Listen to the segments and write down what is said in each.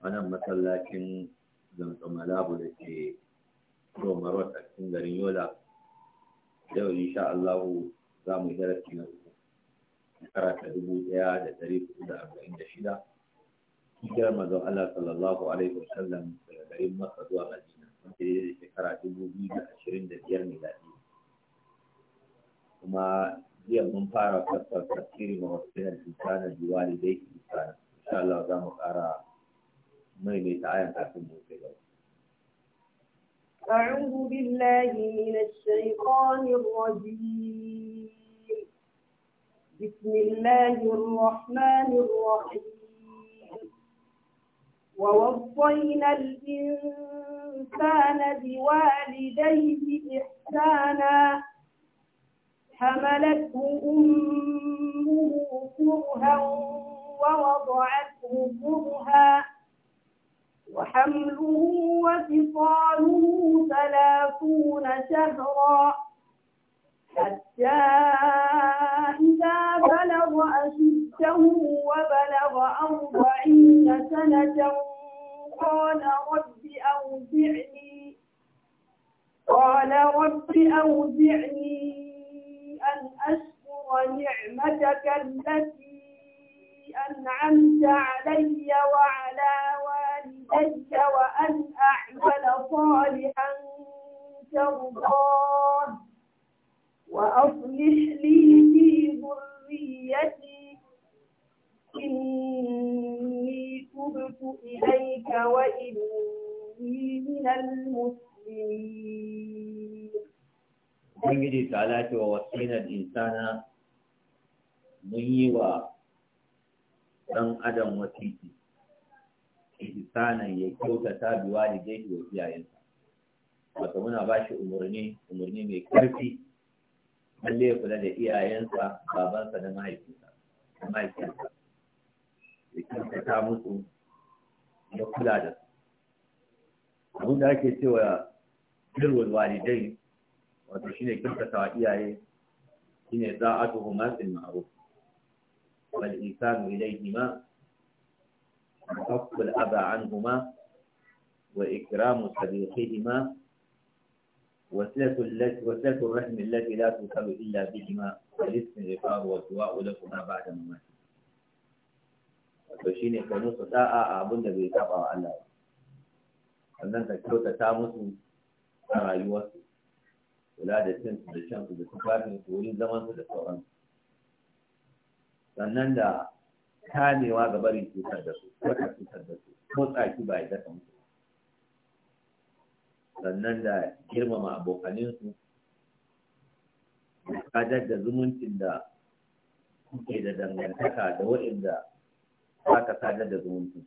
Wannan masallacin zantsamalabu da ke romarot a cikin garin yola yau insha Allahu za mu rafi na uku shekara ta dubu ɗaya da ɗari hudu da arba'in da shida hijirar mazan Allah sallallahu alaihi wa sallam daga garin Masa zuwa Madina wanda ya da shekara dubu biyu da ashirin da biyar daɗi. kuma jiya mun fara fassara tafsirin wa wasu yana insana biwali dai insana insha Allah za mu ƙara ميلي تعالى تعرفون كده أعوذ بالله من الشيطان الرجيم بسم الله الرحمن الرحيم ووصينا الإنسان بوالديه إحسانا حملته أمه كرها ووضعته كرها وحمله وفصاله ثلاثون شهرا حتى إذا بلغ أشده وبلغ أربعين سنة قال رب أوزعني قال رب أوزعني أن أشكر نعمتك التي أنعمت علي وعلى والدي إلي وأن أعمل صالحا ترضاه وأصلح لي في ذريتي إني تبت إليك وإني من المسلمين. من ta تعالى ووصينا الإنسان من mun ɗan adam wasiki ihsanan ya kyautata biwa da wa iyayensa wato muna ba shi umarni umarni mai karfi balle ya kula da iyayensa babansa da mahaifinsa mahaifinsa ya kyautata musu ya kula da su abin da ake cewa birrul walidai wato shine kyautata wa iyaye shine tuhu fil ma'ruf wal ihsanu ma? وحق الأبى عنهما وإكرام صديقهما وسلة الرحم التي لا تصل إلا بهما والاستغفار والدعاء لكما بعد مماتهما to ne ka musu da'a a abin da bai taba wa Allah ba sannan ka kyauta ta musu a rayuwarsu kula da cin su da shan su da tufafin su wurin zaman su da sauran sannan da kamewa ga barin cutar da su wata cutar da su ko tsaki ba ya musu mutu sannan da girmama abokaninsu kadar da zumuncin da kuke da dangantaka da waɗanda za ka sadar da zumuncin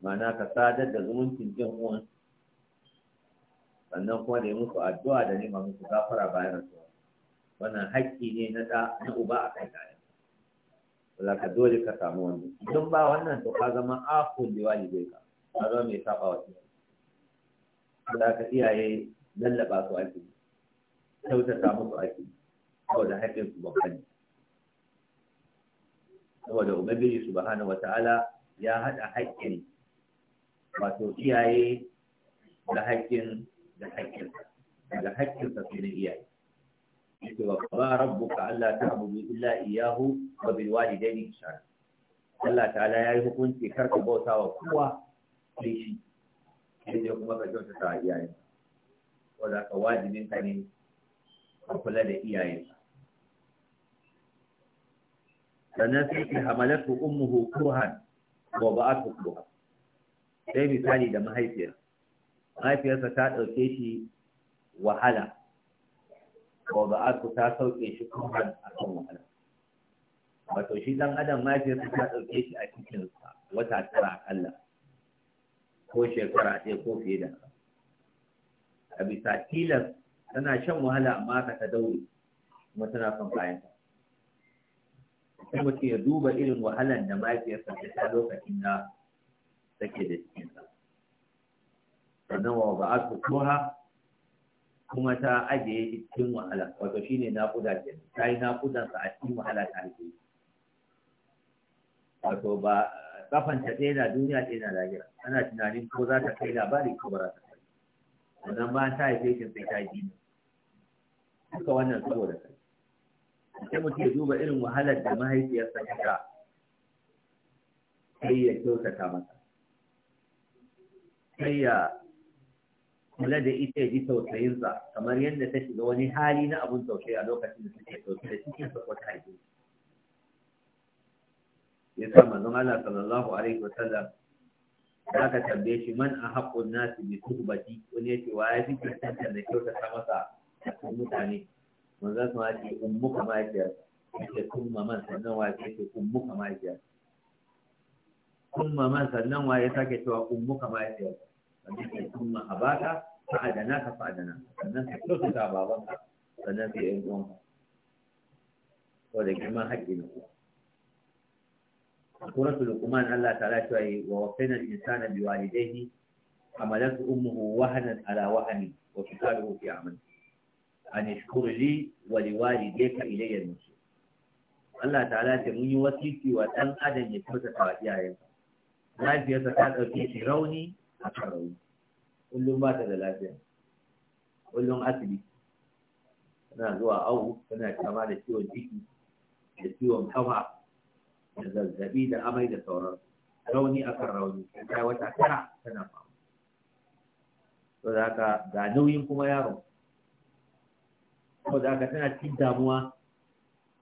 ma'ana ka sadar da zumuncin jin uwan sannan kuma da yi musu addu'a da nema musu gafara bayan rasuwa wannan haƙƙi ne na uba a kai ɗaya za ka dole ka samu wani don ba wannan to ka zama akun da wani zai ka ka zama mai saba wa iyaye da ka iyaye lallaba su ake kyautata musu ake da haƙƙin su babban ne saboda ubangiji subhanahu ta'ala ya haɗa haƙƙin wato iyaye da haƙƙin da haƙƙin da haƙƙin sa sai iyaye yake wa ba ka Allah ta abubu illa iyahu wa bil walidaini ihsana Allah ta'ala yayi hukunci kar ka bauta wa kowa sai shi sai dai kuma ka kyauta ta iyaye wanda ka wajibin ka ne ka kula da iyaye sannan sai ki hamalatu ummuhu kurhan wa ba'athu kurhan sai misali da mahaifiyar mahaifiyarsa ta ɗauke shi wahala wada'atu ta sauke shi kuhan a kan wahala wato shi dan adam mahaifiyarsa ta ɗauke shi a cikin wata tara akalla ko shekara ɗaya ko fiye da a bisa tilas tana shan wahala amma ka ta daure kuma tana son kayanta sai mutum ya duba irin wahalan da mahaifiyarsa ta sha lokacin da take da cikinsa sannan wa ba'atu kuha kuma ta ajiye cikin wahala wato shine naƙuda ce ta yi sa a cikin wahala ta haife wato ba kafanta ɗaya na duniya ɗaya na lahira ana tunanin ko za ta kai labari ko ba za ta kai wannan ba ta haife shi sai ta yi duka wannan saboda kai sai mutum ya duba irin wahalar da mahaifiyarsa ta sha sai ya kyautata masa sai ya kula da ita ya ji tausayinsa kamar yadda ta shiga wani hali na abun tausayi a lokacin da suke tausayi cikin sa ko ya sa manzo Allah sallallahu alaihi wa Sallam da ka tambaye shi man a haƙƙun nasu bi tuhbati wani ya ce wa ya fi cancanta da kyautata masa a cikin mutane manzon sama ce muka kama ya ce kuma man sannan wa ya ce ummu muka ya kuma man sannan wa ya sake cewa ummu muka ya ce wanda ke kuma abaka fa'adana ka fa'adana sannan ka babanka sannan ka yi girman haƙƙi na uwa سورة لقمان الله تعالى شوي ووصينا a ka Allah ta'ala ce mun yi wasiki wa ɗan adam ya kyautata wa Lafiyarsa ta ɗauke shi rauni a kan kullum ba ta da lafiya kullum asibiti tana zuwa awu tana kama da ciwon ciki da ciwon kafa da zazzabi da amai da sauran rauni akan rauni ta wata tara tana fama to da haka ga nauyin kuma yaron ko da haka tana cin damuwa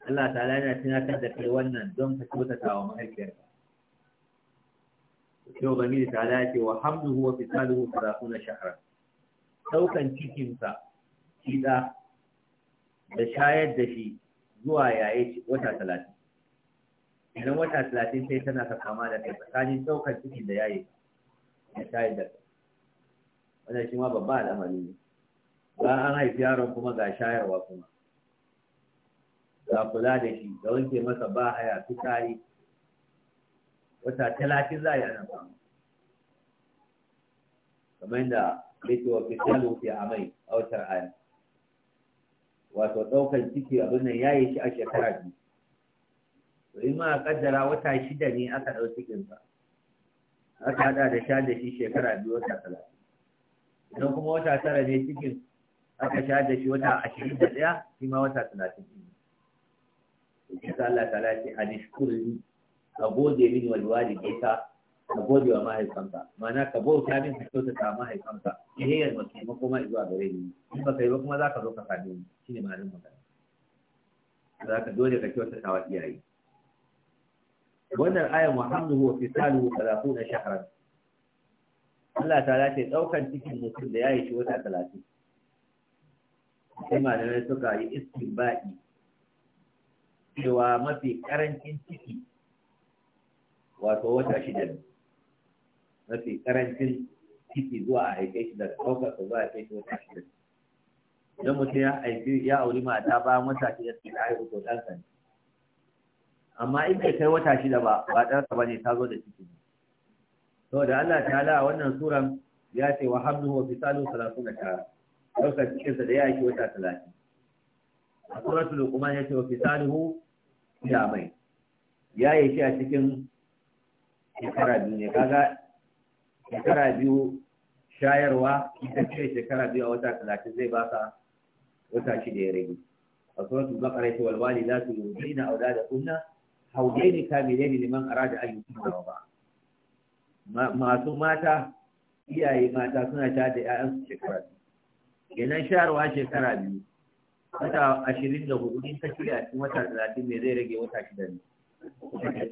Allah ta yana tunatar da kai wannan don ka kyautata wa mahaifiyarka yau zamiri ta ala ce wa hamduhu wa fisaluhu salatuna shahra daukan cikinsa shi da da shayar da shi zuwa yaye wata talatin idan wata talatin sai tana ka kama da kai tsakanin daukan cikin da yaye da shayar da wannan shi ma babba al'amari ne ba an haifi yaron kuma ga shayarwa kuma ga kula da shi ga wanke masa ba haya fitsari wata talatin za a yi ana samu kamar da ya ce wa fitalu a mai, a watar aya wato ɗaukar ciki abin nan ya yi shi a shekara biyu to in ma kaddara wata shida ne aka ɗau cikinsa aka haɗa da sha da shi shekara biyu wata talatin idan kuma wata tara ne cikin aka sha da shi wata ashirin da ɗaya shi ma wata talatin ne. Insha Allah ta lafi a nishkurin ka gode mini wal walidayka ka gode wa mahaifanka ma'ana ka bauta min ka ta mahaifanka ihe ya mace ma kuma zuwa gare ni in ba kai ba kuma za ka zo ka same ni shine ma'anar magana za ka dole ka kyautata wa iyaye wannan ayan wa hamduhu wa fisaluhu 30 shahran Allah ta ce daukan cikin mutum da yayi shi wata 30 sai malamai suka yi istinbadi cewa mafi karancin ciki wato wata shida ne mafi karancin ciki zuwa a haife shi daga ɗaukar zuwa a haife shi wata shida idan mutum ya haifi ya auri mata bayan wata shida sai ta haihu to ɗansa ne amma in bai kai wata shida ba ba ɗansa ba ne ta zo da ciki ne da Allah ta a wannan suran ya ce wa hamduhu wa fisalu salatu da tara ɗaukar cikinsa da ya aiki wata talatin a suratul luqman ya ce wa fisaluhu ya mai ya yi shi a cikin shekara biyu ne kaga shekara biyu shayarwa ita ce shekara biyu a wata talatin zai baka wata shida ya rage a na baqara ita wal walidatu ne auladakunna hawlaini ne liman arada an yutimma wa ba masu mata iyaye mata suna ta da ƴaƴan su shekara biyu kenan shayarwa shekara biyu wata ashirin da hudu in ka shirya cikin wata talatin mai, zai rage wata shida ne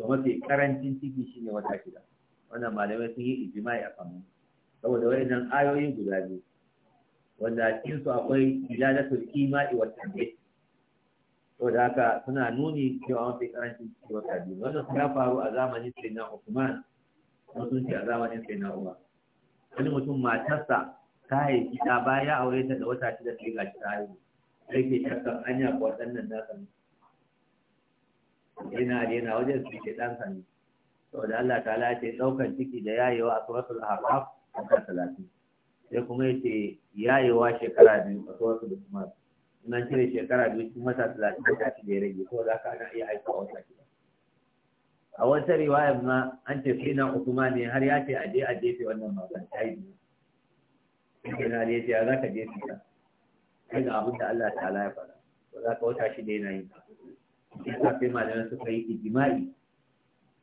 mafi karancin ciki shine wata shida wannan malamai sun yi ijimai a kan saboda wayannan ayoyin guda biyu wanda a cikin su akwai ilalatul ima'i wa tambe saboda haka suna nuni cewa mafi karancin ciki wata biyu wannan sun faru a zamanin sai na ko mutunci ce a zamanin na uwa wani mutum matarsa ta haifi ta baya aure ta da wata shida sai shi ta haihu sai ke shakkar anya ko waɗannan nasarar yana yana wajen su ke ɗan sani saboda Allah ta lace ɗaukar ciki da yayewa a da araf a kan talatin sai kuma ya ce yayewa shekara biyu a suratul usman nan cire shekara biyu cikin wata talatin da tafi da ya rage ko za ka ana iya aika a wata shida a wata riwaya ma an ce sai na usman ne har ya ce a je a jefe wannan matan ta yi biyu sai na ya ce ya za ka jefe ta kai ga abin da Allah ta ya faɗa ba za ka wata shida yana yin ba yasa sai malamai suka yi ijimai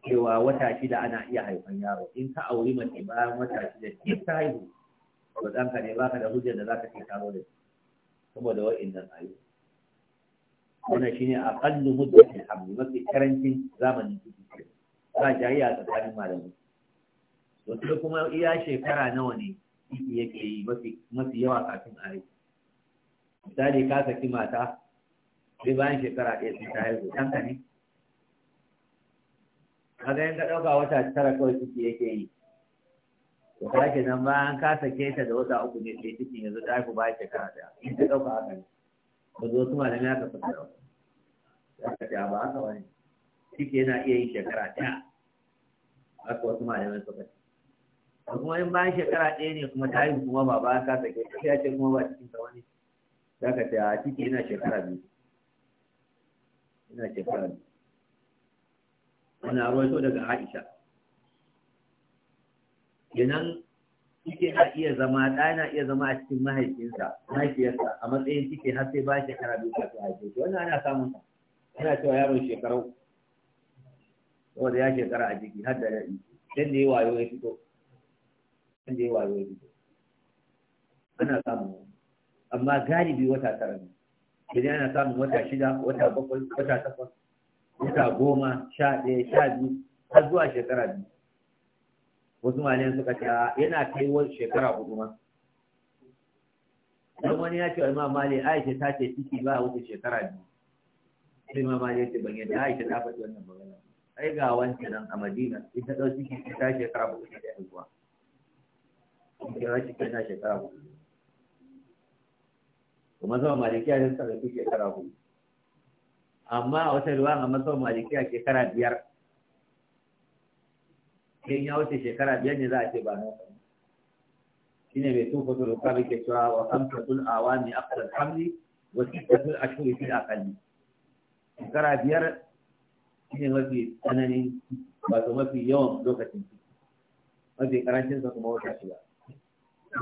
cewa wata shida ana iya haifan yaro in ka auri mace bayan wata shida ke ta haihu zan ka ne ka da hujja da za ka ce taro da shi saboda wa'innan ayu wannan shine aqallu ke hamdu mafi karancin zamanin ciki ba jayya tsakanin malamai wasu kuma iya shekara nawa ne ciki yake yi mafi yawa kafin a yi? misali ka saki mata sai bayan shekara ɗaya sun ta haihu ka ne kaga in ka ɗauka wata tara kawai ciki yake yi to ka ke nan bayan ka sake ta da wata uku ne sai cikin yanzu ta haihu bayan shekara ɗaya in ka ɗauka haka ne ba zo su malami haka suka ɗauka za ka ce ba haka wani ciki yana iya yin shekara ɗaya haka wasu malamai suka ce da kuma in bayan shekara ɗaya ne kuma ta haihu kuma ba bayan ka sake ta sai a ce kuma ba cikin ta wani za ka ce a ciki yana shekara biyu ina shekara ne ana so daga aisha Yanan cike na iya zama ɗa na iya zama a cikin mahaifinsa mahaifiyarsa a matsayin cike har sai ba shekara biyu kafin haife shi wannan ana samun sa ana cewa yaron shekarau saboda ya shekara a jiki har da daɗi dan da ya wayo ya fito dan da ya wayo ya fito ana samun amma galibi wata tara ne idan yana samun wata shida wata bakwai wata takwas wata goma sha ɗaya sha biyu har zuwa shekara biyu wasu malayan suka ce yana kai wani shekara hudu ma don wani ya ce wa imam mali aisha ta ce ciki ba wuce shekara biyu sai imam mali ya ce ban yadda aisha ta faɗi wannan magana ai ga wancan nan a madina ita ɗau ciki ta shekara hudu ta haihuwa. Kira shi na shekara hudu. kuma zama malikiya ne sun sarrafi shekara hudu amma a wata ruwan a mazan malikiya shekara biyar in ya wuce shekara biyar ne za a ce ba na shi ne mai tufa turu kwa ke cewa wa kamtatul awami aqsal hamli wa sita sittatul ashhur fil aqalli shekara biyar shi ne mafi tsananin wato mafi yawan lokacin mafi karancin sa kuma wata shida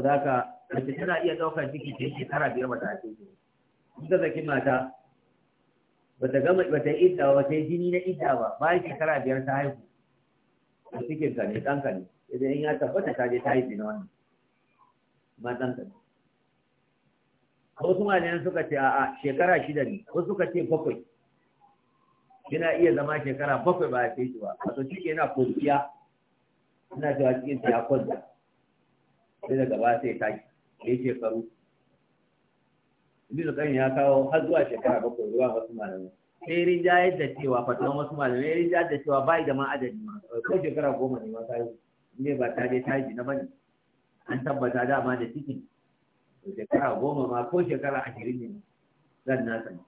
zaka mace tana iya ɗaukar ciki ta yi shekara biyar mata a cikin ji in zaki mata ba ta gama ba ta yi idda ba ta yi jini na idda ba bayan shekara biyar ta haihu a cikin ka ne ɗanka ne idan in ya tabbata ta je ta yi na wannan ba ɗanka ne wasu malayan suka ce a'a shekara shida ne wasu suka ce bakwai yana iya zama shekara bakwai ba a ce shi ba A to shi yana kwanciya ina cewa cikin ya kwanta sai daga ba sai tashi da yake faru bisa kan ya kawo har zuwa shekara bakwai zuwa wasu malamai sai rinja yadda cewa fatuwan wasu malamai ya rinja yadda cewa bai da ma adadi ma ko shekara goma ne ma yi. ne ba ta je ta yi na bane an tabbata dama da cikin shekara goma ma ko shekara ashirin ne zan na sani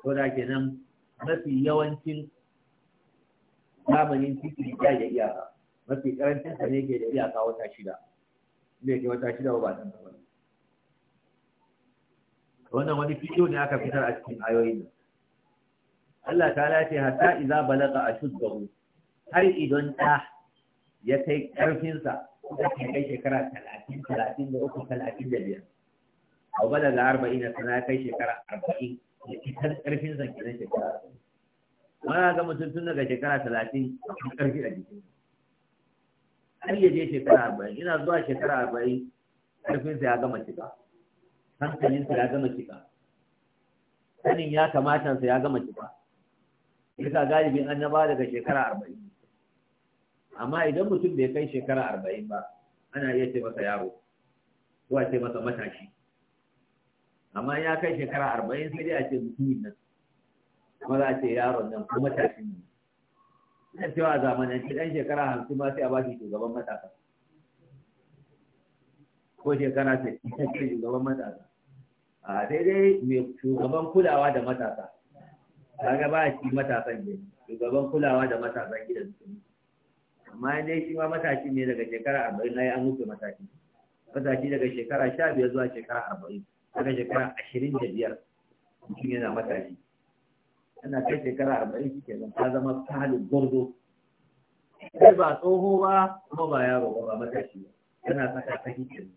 ko da kenan mafi yawancin zamanin cikin ya da iyaka mafi karancin sa ne ke da iyaka wata shida zai kai wata shida ba san ba wannan wani fito ne aka fitar a cikin ayoyin nan Allah ta lace hatta idza balaga ashuddahu har idan ɗa ya kai ƙarfinsa da ke kai shekara talatin talatin da uku talatin da biyar a balaga arba'in da sana kai shekara arba'in da fitar ƙarfinsa kenan shekara mana ga mutum tun daga shekara talatin a ƙarfi a jikinsa har yaje je shekara arba'in ina zuwa shekara arba'in ƙarfinsa ya gama cika hankalinsa ya gama cika sanin ya sa ya gama cika bisa galibin annaba daga shekara arba'in amma idan mutum bai kai shekara arba'in ba ana iya ce masa yaro ko a ce masa matashi amma ya kai shekara arba'in sai dai a ce mutumin nan kuma za a ce yaron nan ko matashin nan ina cewa a zamanance ɗan shekara hamsin ma sai a bashi shugaban matasa ko shekara sai shugaban matasa a daidai mai shugaban kulawa da matasa kaga ba shi matasan ne shugaban kulawa da matasan gida su amma dai shi ma matashi ne daga shekara arba'in na yi an rufe matashi matashi daga shekara sha biyar zuwa shekara arba'in daga shekara ashirin da biyar mutum yana matashi ana kai shekara arba'in shi kenan ta zama salin gurgu kai ba tsoho ba kuma ba yaro ba ba matashi tana saka ta hikin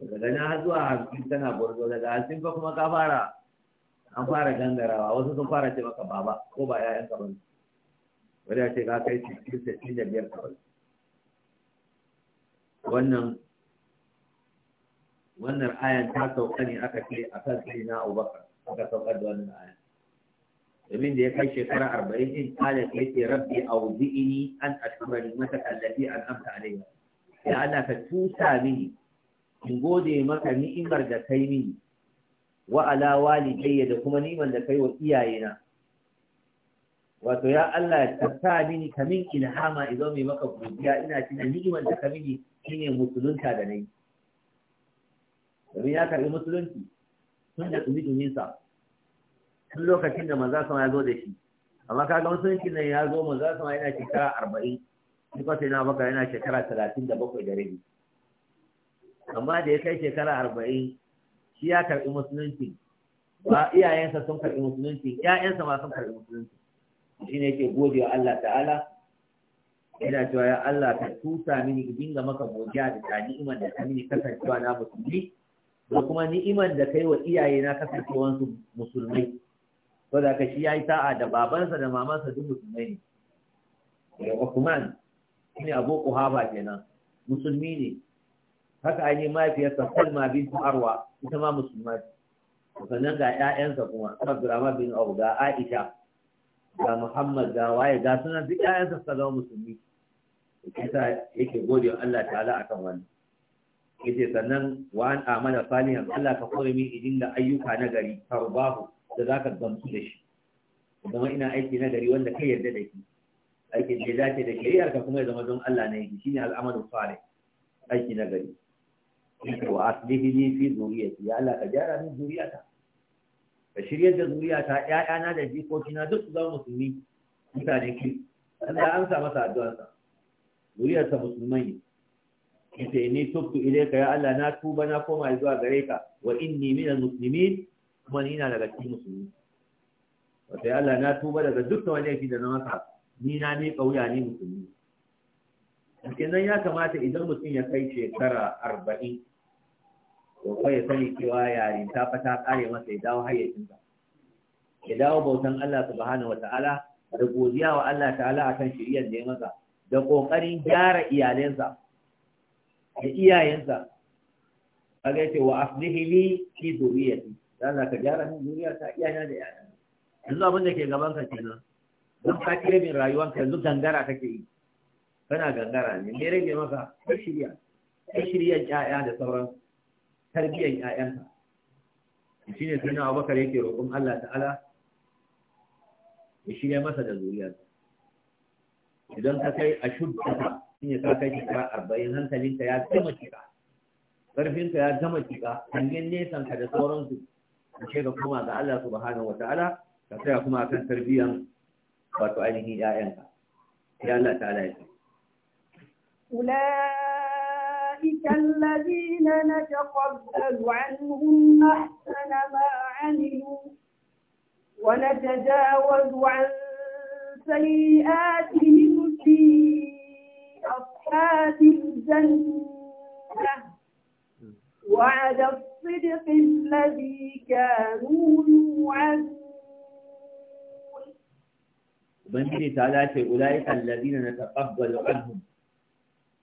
daga gani har zuwa hamsin tana gurgu daga hamsin ba kuma ka fara an fara gangarawa wasu sun fara ce maka baba ko ba yayan ka ne wani ya ce ka kai cikin sittin da biyar ka bane wannan wannan ayan ta sauka ne aka ce a kan sai na abubakar aka saukar da wannan ayan abin da ya kai shekara arba'in in kalat ya ce rabbi auzi'ini an ashkura ni'matak allati an'amta alayya ya ka tusa mini in gode maka ni'imar da kai mini wa ala walidayya da kuma ni'imar da kai wa iyayena wato ya Allah ya sa mini kamin ilhama idan mai maka godiya ina cin ni'imar da ka mini shine musulunta da nayi domin ya karbi musulunci tun da dumi tumi sa duk lokacin da maza sama ya zo da shi amma kaga yankin nan ya zo maza sama yana shekara arba'in shi kwa sai na baka yana shekara talatin da bakwai da rabi amma da ya kai shekara arba'in shi ya karɓi musulunci ba iyayensa sun karɓi musulunci ƴaƴansa ma sun karɓi musulunci shi ne yake gode wa Allah ta'ala ina cewa ya Allah ka tusa mini in dinga maka godiya da ta ni'imar da ka mini kasancewa na musulmi da kuma ni'imar da kai wa iyaye na kasancewansu musulmai ko da kashi shi ya yi ta'a da babansa da mamansa duk musulmai ne Uthman ne Abu Quhafa kenan musulmi ne haka an yi mahaifiyarsa kulma bin Arwa ita ma musulma ce sannan ga ƴaƴansa kuma Abdurrahman bin abu ga Aisha ga Muhammad ga waye ga sunan duk ƴaƴansa suka zama musulmi kisa yake gode wa Allah ta'ala akan wannan yace sannan wa an amana salihan Allah ka kore min idin da ayyuka na gari tarbahu da za ka gamsu da shi zama ina aiki na gari wanda kai yarda da shi aikin da dace da shari'ar ka kuma ya zama don Allah na yi shi ne al'amarin salih aiki na gari wa aslihi li fi zuriyati ya Allah ka gyara min zuriyata ka shirya da zuriyata ƴaƴana da jikokina duk su zama musulmi mutane ki Allah an sa masa addu'a sa zuriyarsa musulmai ne yace ni tubtu ilayka ya Allah na tuba na koma zuwa gare ka wa inni minal muslimin kuma ni na daga cikin musulmi wata Allah na tuba daga dukkan wani yake da na masa ni na ne kauya ne musulmi cikin nan ya kamata idan mutum ya kai shekara arba'in ko kai ya sani cewa fa ta fata kare masa ya dawo ka. ya dawo bautan Allah subhanahu wata'ala da godiya wa Allah ta'ala akan shiriyar da ya masa da kokarin gyara iyalensa da iyayensa kaga ce wa aslihi li fi dhurriyyati za ka gyara min duniya ta iyana da yana yanzu abin da ke gaban ka kenan don ka kira min ka yanzu gangara kake yi kana gangara ne me rage maka ka shirya ka shirya ƴaƴa da sauran tarbiyyar ƴaƴanka ne sai na Abubakar yake roƙon Allah ta'ala ya shirya masa da zuriyarsa idan ka kai a shuddata shi ne ka kai shekara arba'in hankalinka ya gama cika ƙarfinka ya gama cika hangen nesanka da sauransu أشهد كما تعالى سبحانه وتعالى فسيح كما كان تربيا وتعاله يا أنت يا الله تعالى أولئك الذين نتقبل عنهم أحسن ما عملوا ونتجاوز عن سيئاتهم في أصحاب الجنة وعد الصدق الذي كانوا يوعدون بنتي تعالت أولئك الذين نتقبل عنهم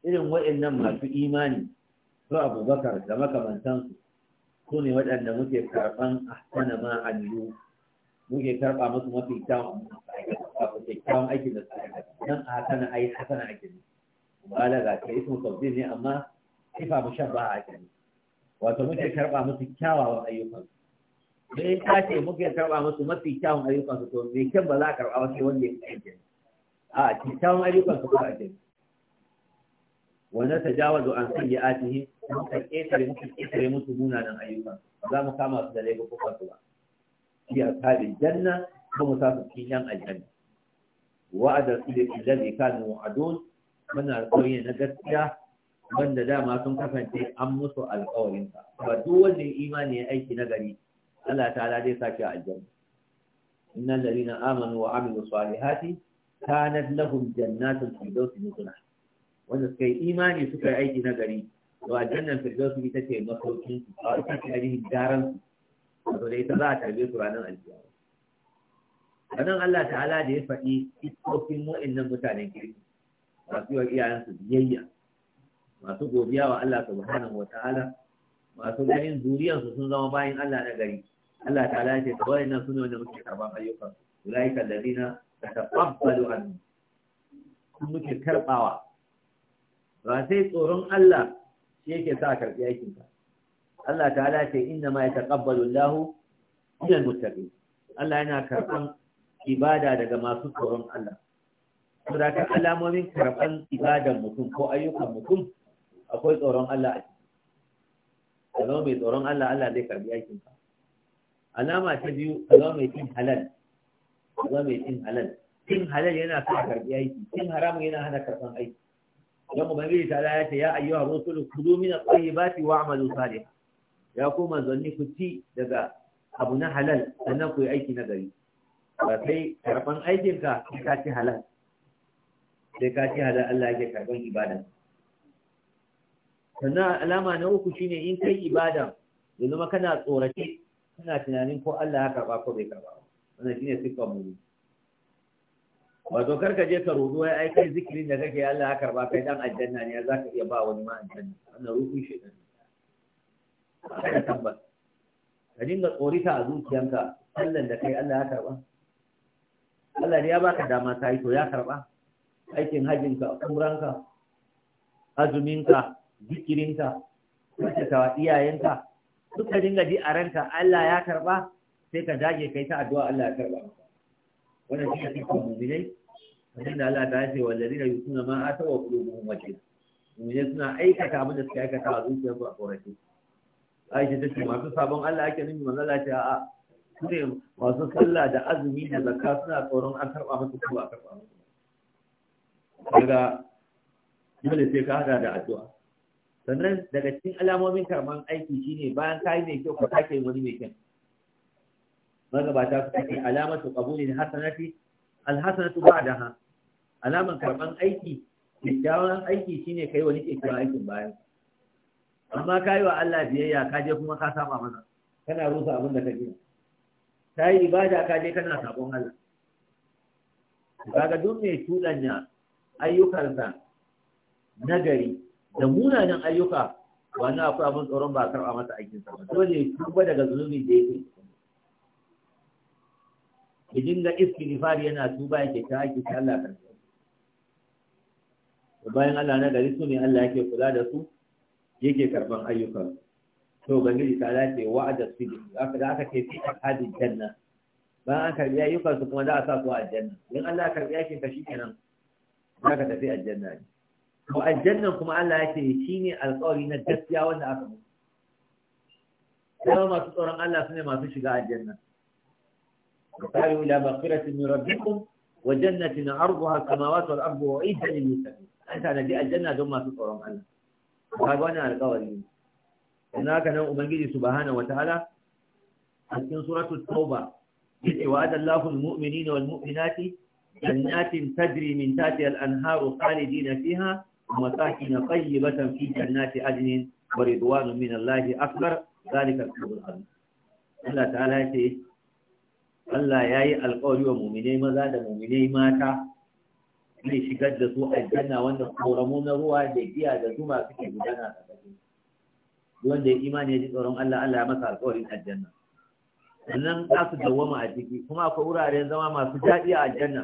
إذن وإنما في إيماني فأبو بكر كما كمان تنسوا كوني ود أن متي كرقان أحسن ما عدلوا متي كرقان متي كرقان متي كرقان كرقان أي كنا نم أحسن أي حسن أي كنا وبالغا كيف مطبين أما كيف مشبه أي كنا wato muke karɓa musu kyawawan ayyukan da in ka ce muke karɓa musu mafi kyawun ayyukan su to me kyan ba za a karɓa ba sai wanda ya fi kyan a kyawun ayyukan su kuma a jin wanda ta jawazu an san ya atihi muka ƙetare musu ƙetare musu munanan ayyukan za mu kama su da laifin kuka su ba shi a kabin janna ko mu sa su cikin yan aljanna wa'adar su da idan ikanu adon muna alƙawari na gaskiya wanda dama sun kasance an musu alƙawarinsa ba duk wannan imani ya aiki na gari Allah ta'ala zai sa shi a aljanna innal ladina amanu wa amilu salihati kanat lahum jannatul firdaus nuzula wanda suka yi imani suka yi aiki na gari to aljannan firdaus ita ce masaukin su a ita ce ainihin garan su wato da ita za a tarbe su ranar aljiyawa sannan Allah ta'ala da ya faɗi iskokin wa'annan mutanen kirki masu yi iyayensu biyayya masu godiya wa Allah subhanahu wa ta'ala masu ganin zuriyarsu sun zama bayin Allah na gari Allah ta'ala ya ce ta bayan nan su ne wanda muke karban ayyukan ulai kallazina ta taqabbalu an kun muke karbawa ba sai tsoron Allah shi yake sa karbi aikin ka Allah ta'ala ya ce inna ma yataqabbalu Allahu min al-muttaqin Allah yana karban ibada daga masu tsoron Allah saboda alamomin karban ibadan mutum ko ayyukan mutum akwai tsoron Allah a ciki ka zama mai tsoron Allah Allah zai karbi aikin ka alama ta biyu ka zama mai cin halal ka zama mai cin halal cin halal yana sa karbi aiki cin haram yana hana karban aiki don ubangiji ta ya ce ya ayyuha rusulu kudu min at-tayyibati amalu salih ya ku manzanni ku ci daga abu na halal sannan ku yi aiki na gari ba sai karban aikinka ka ka ci halal sai ka ci halal Allah ya karban ibada sannan alama na uku shine in kai ibada ya zama kana tsorace kana tunanin ko Allah ya karɓa ko bai karba wannan shine sifar mu wato karka je ka rudu ai ai kai zikirin da kake Allah ya karɓa kai dan aljanna ne za ka iya ba wani ma aljanna wannan ruhun ne. kada tabbas ka dinga tsorita a zuciyanka sallan da kai Allah ya karɓa? Allah ne ya baka dama ta yi to ya karɓa. aikin hajjinka umranka azuminka zikirinka kyautata wa iyayenka suka dinga ji a ranta Allah ya karba sai ka dage kai ta addu'a Allah ya karba wannan shi ne cikin mu'minai wannan da Allah ta ce da yusuna ma atawa qulubuhum waje, mu'minai suna aikata abin da suka aikata a zuciyarsu a korafi Aisha ta ce masu sabon Allah ake nufi manzo Allah ce a'a su ne masu sallah da azumi da zakka suna tsoron an karba musu ko a karba musu daga dole sai ka hada da addu'a sannan daga cikin alamomin karman aiki shine bayan ka yi mai kyau ka kake wani mai kyau magabata su take alamatu qabulin hasanati alhasanatu ha. Alamar karban aiki kyakkyawan aiki shine kai wani kyakkyawan aikin bayan amma ka yi wa Allah biyayya ka je kuma ka saba mana kana rusa abin da ka gina ta yi ibada ka je kana sabon Allah kaga duk mai cuɗanya ayyukansa nagari da munanan ayyuka Wani akwai abin tsoron ba a karɓa masa aikin sa ba dole ya tuba daga zunubi da yake Ki dinga istighfar yana tuba yake ta aiki ta Allah kan bayan Allah na gari su ne Allah yake kula da su yake karban ayyukan to da ta dace wa'ada da aka da aka ce fi hadin janna bayan an karbi ayyukan su kuma za a sa su a janna in Allah karbi yake ka kenan za ka tafi aljanna ne to aljannan kuma Allah ya ce ne alkawari na gaskiya wanda aka mutu kuma masu tsoron Allah su ne masu shiga aljanna qalu ila maghfiratin min rabbikum wa jannatin arduha samawati wal ardu u'iddat lil muttaqin an tanadi aljanna don masu tsoron Allah kaga wannan alkawari ne dan haka nan ubangiji subhanahu wataala a cikin suratul tauba yace wa'adallahu al-mu'minina wal mu'minati جنات تجري من تحتها الأنهار خالدين فيها ومساكن طيبة في جنات عدن ورضوان من الله أكبر ذلك الحب العظيم Allah ta'ala ce Allah ya yi alƙawari wa muminai maza da muminai mata zai shigar da su aljanna wanda koramu na ruwa da giya da zuma suke gudana a ƙarƙashin wanda ya imani ya ji tsoron Allah Allah ya masa alƙawarin aljanna sannan za su dawwama a ciki kuma akwai wuraren zama masu daɗi a aljanna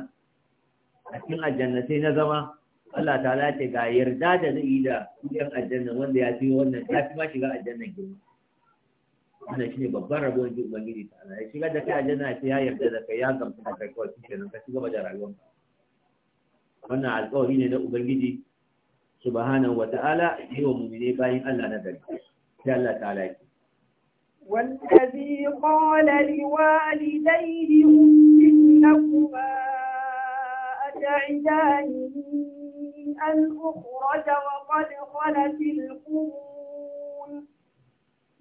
a cikin aljanna sai na zama Allah ta ce ga yarda da zai yi da yan aljanna wanda ya fi wannan ya fi ma shiga aljanna girma wannan shine babban rabuwar ji ubangiji ta Allah ya shiga da kai aljanna ya ya yarda da kai ya gamsu da kai kawai kenan ka shiga da rayuwar wannan alƙawari ne na ubangiji subhanahu wa ta'ala yi wa mu'mine bayan Allah na gari sai Allah ta lace والذي قال لوالديه إنكما أتعدانني أن أخرج وقد خلت القرون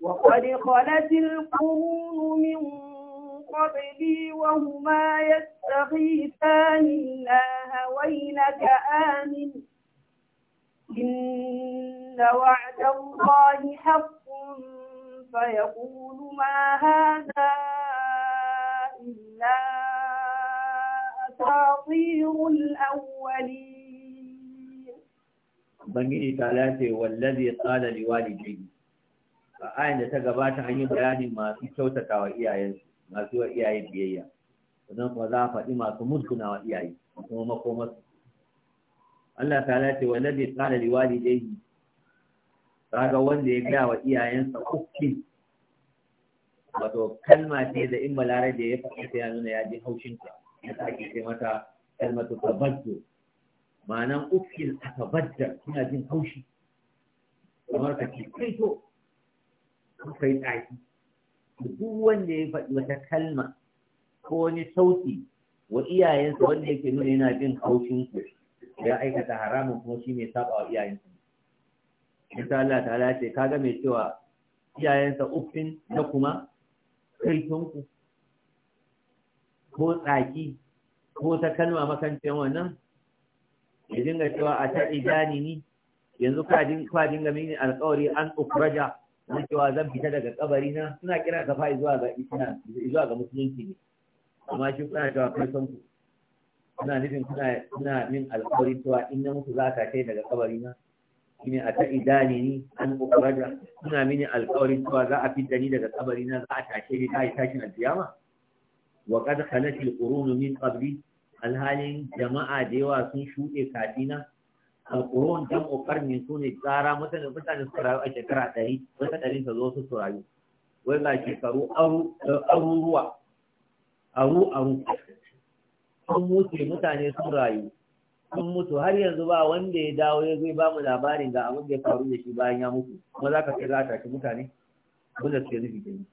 وقد خلت القرون من قبلي وهما يستغيثان الله ويلك آمن إن وعد الله حق فيقول ما هذا إلا أساطير الأولين ubangiji ta lace wallazi qala liwalidayhi a ayin da ta gabata an yi bayani masu kyautata wa iyayensu masu wa iyaye biyayya sannan kuma za a faɗi masu musguna wa iyaye kuma makomar Allah ta lace wallazi qala liwalidayhi ga wanda ya gaya wa iyayensa uffin wato kalma ce da in balare da ya faɗi ta ya nuna ya ji haushinka ya sake ce mata kalmatu tabaddu ma'anan ufkin aka badda suna jin haushi kamar ka ce kai to kai tsaki duk wanda ya faɗi wata kalma ko wani sauti wa iyayensa wanda yake nuna yana jin haushin ku ya aikata haramun kuma shi mai saba wa iyayensa insha Allah ta'ala ce kaga mai cewa iyayensa uffin na kuma kaitonku ko tsaki ko ta kalma makancin wannan ya dinga cewa a ta idani ni yanzu ka dinga mini alƙawari an ukraja na cewa zan fita daga kabari na suna kira ka fa'i zuwa ga islam zuwa ga musulunci ne amma shi kuna cewa kai san ku kuna nufin kuna kuna min alƙawari cewa in na mutu za ka kai daga kabari na shine a ta idani ni an ukraja kuna mini alƙawari cewa za a fita ni daga kabari na za a tashe ni Ta yi tashin alƙiyama wa qad khalat al-qurun min qabli alhalin jama'a da yawa sun shuɗe kafina alƙurun ƙoƙar ƙarni su ne tsara mutane mutane su rayu a shekara ɗari wata ɗari ta zo su rayu wai ga shekaru aruruwa aru aru sun mutu mutane sun rayu sun mutu har yanzu ba wanda ya dawo ya zai ba mu labarin ga abin da ya faru da shi bayan ya mutu kuma za ka ce za a tashi mutane wanda suke nufi ne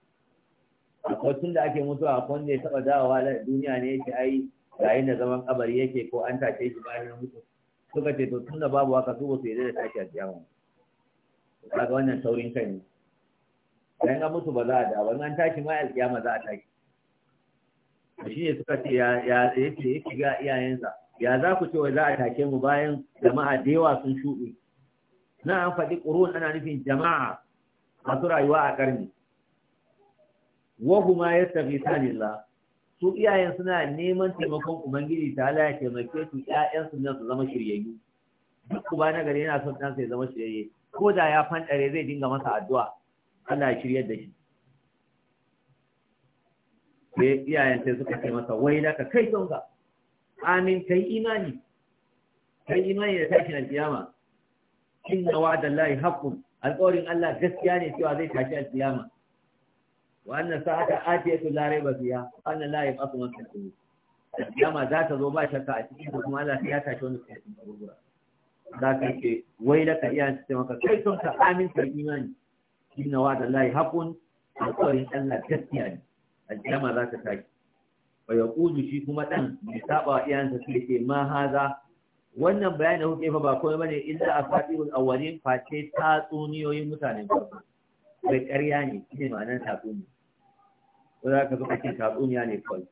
akwai tun da ake mutuwa akwai wanda ya taɓa dawowa duniya ne ya ce ai Yayin da zaman kabari yake ko an tace shi bayan ya mutu suka ce to tunda babu haka su ba su yi da tashi a kiyama kaga wannan saurin kai ne dan ga mutu ba za a da ba an tashi ma alkiyama za a tashi shi ne suka ce ya ya yake yake ga iyayensa ya za ku ce wai za a take mu bayan jama'a da yawa sun shuɗe na an faɗi ƙurun ana nufin jama'a masu rayuwa a ƙarni wahuma ya tafi sanillah su iyayen suna neman taimakon ubangiji ta ala ya taimake su iyayen nan su zama shiryayyu duk uba na gari yana son ɗansa ya zama shiryayye ko da ya fanɗare zai dinga masa addu'a Allah ya shiryar da shi sai iyayen sai suka ce masa wai naka kai tonka amin kai imani kai imani da tashin alkiyama inna wa'dallahi haqqun alƙawarin Allah gaskiya ne cewa zai tashi alkiyama wannan ake su atiyatu la raiba fiha anna la yabasu man kalu kiyama za ta zo ba shakka a cikin ta kuma Allah ya tashi wani cikin gurgura za ka ce wai da ka iya cikin maka kai sun ka amin ka imani inna wa da lahi haqqun alqarin Allah gaskiya ne alkiyama za ta tashi wa yaqulu shi kuma dan bi saba iyansa sai ce ma haza wannan bayanin da hukai fa ba komai bane illa asatirul awwalin face tatsuniyoyin mutanen farko bai ƙarya ne shine ma'anar tatsuniyoyi. ko za ka zo kake tatsuniya ne kawai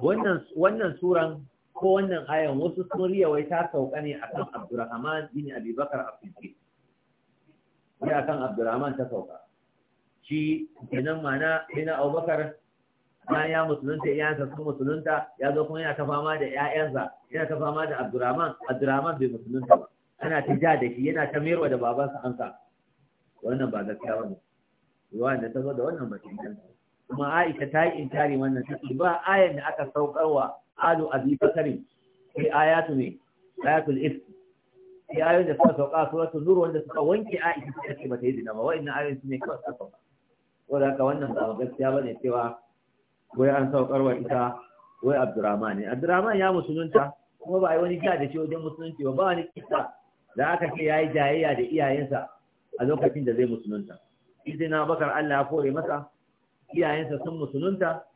wannan wannan suran ko wannan ayan wasu sun riya wai ta sauka ne akan Abdurrahman bin Abi Bakar Afriki ya akan Abdurrahman ta sauka shi kenan mana ina Abu Bakar ya musulunta ya iyayensa sun musulunta ya zo kuma yana ta fama da ƴaƴansa yana ta fama da Abdurrahman Abdurrahman bai musulunta ba ana ta ja da shi yana ta merwa da babansa ansa wannan ba gaskiya bane riwayar da ta zo da wannan batun kan kuma Aisha ta yi inkari wannan take ba ayar da aka saukarwa alu abi bakari sai ayatu ne ayatul if sai ayoyin da suka sauka suratul nur wanda suka wanke Aisha suka ce ta yi zina ba wa'annan ayoyin su ne kawai suka sauka da haka wannan ba gaskiya bane cewa wai an saukarwa ita wai Abdurrahman ne Abdurrahman ya musulunta kuma ba a yi wani ja da shi wajen musulunci ba ba wani kisa da aka ce ya yi jayayya da iyayensa a lokacin da zai musulunta izina bakar Allah ya kore masa iyayensa sun musulunta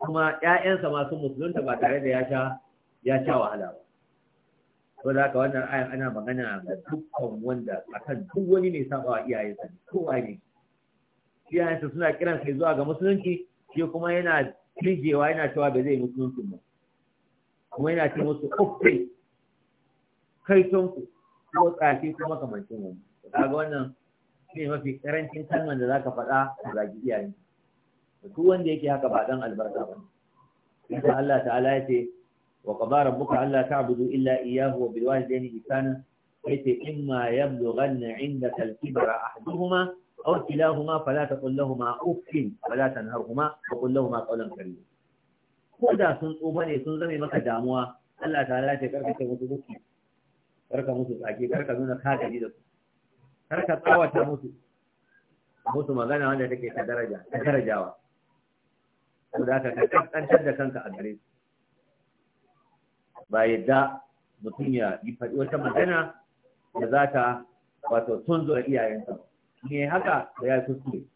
kuma ƴaƴansa ma sun musulunta ba tare da ya sha ya sha wahala ba to da ka wannan ayan ana magana ga dukkan wanda akan duk wani mai saba wa iyayensa kowa ne iyayensa suna kiran sai zuwa ga musulunci shi kuma yana kijewa yana cewa ba zai musulunci ba kuma yana ce musu kai tunku ko tsafi ko makamancin wani kaga wannan ne mafi karancin kalman da za ka faɗa a zagi iyayen duk wanda yake haka ba dan albarka ba yasa Allah ta'ala ya ce wa qadara rabbuka alla ta'budu illa iyyahu wa bil walidayni ihsana yace imma yablughanna 'indaka al-kibra ahaduhuma aw kilahuma fala taqul lahumu uffin fala tanharhuma wa qul lahumu qawlan karima ko da sun tsufa ne sun zame maka damuwa Allah ta'ala ya ce karka ce musu zuki karka musu tsaki karka nuna kagari da su kar ka tsawata musu musu magana wanda take ta daraja ta darajawa ko da ka kankantar da kanka a gare su ba yadda mutum ya yi faɗi wata magana da za ta wato sun zuwa iyayensa ne haka da ya kuskure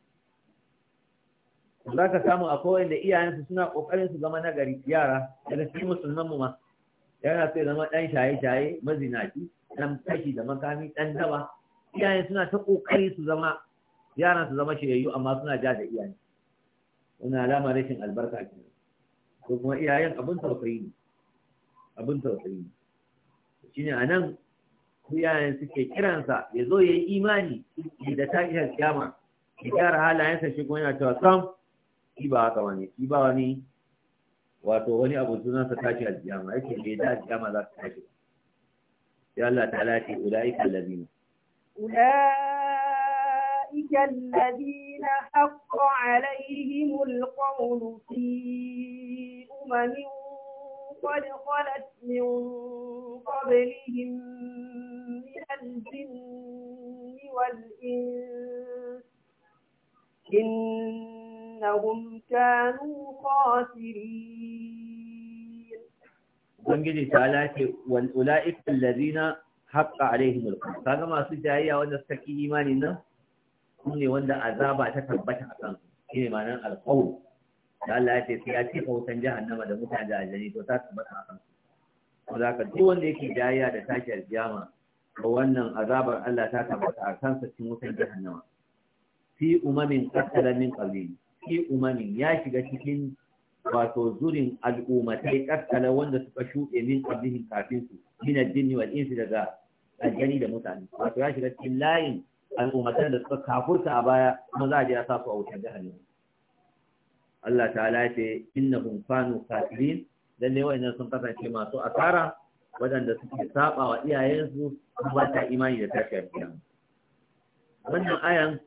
za ka samu kowai da iyayensu suna ƙoƙarin su zama nagari yara daga cikin musulman mu ma yana so ya zama ɗan shaye-shaye mazinaci ɗan kashi da makami ɗan daba iyayen suna ta kokari su zama yaran su zama shiryayyu amma suna ja da iyayen wannan alama rashin albarka ce ko kuma iyayen abin tausayi ne abin tausayi ne a anan iyayen suke kiransa ya zo ya yi imani da ta iya kiyama ya gyara halayensa shi kuma yana cewa sam shi ba haka wani shi ba wani wato wani abu sunansa tashi alkiyama yake bai da alkiyama za ta tashi ya Allah ta'ala ce ulaika allazina أولئك الذين حق عليهم القول في أمم قد خلت من قبلهم من الجن والإنس إنهم كانوا خاسرين. Ubangiji ta lafi, الذين haqqa alaihim mulku qul kaga masu jayayya wanda suka ki imani nan su ne wanda azaba ta tabbata a kansu shine ma'anar al da Allah ya ce sai ya ce kautan jahannama da mutane da aljani to ta tabbata a kansu ko za ka duk wanda yake jayayya da tashi aljiyama ko wannan azabar Allah ta tabbata a kansa cikin wutan jahannama fi umamin qatala min qalbi fi umamin ya shiga cikin wato zurin al'ummatai kakkala wanda suka shuɗe min ƙwallihin kafin su min addini wal insi daga aljani da mutane wato ya shiga cikin layin al'ummatan da suka kafurta a baya kuma za a je a sa su a wutar jahannam Allah ta'ala ya ce innahum kanu kafirin ne wayannan sun kasance masu asara waɗanda suke saba wa iyayensu ba ta imani da tashi a wannan ayan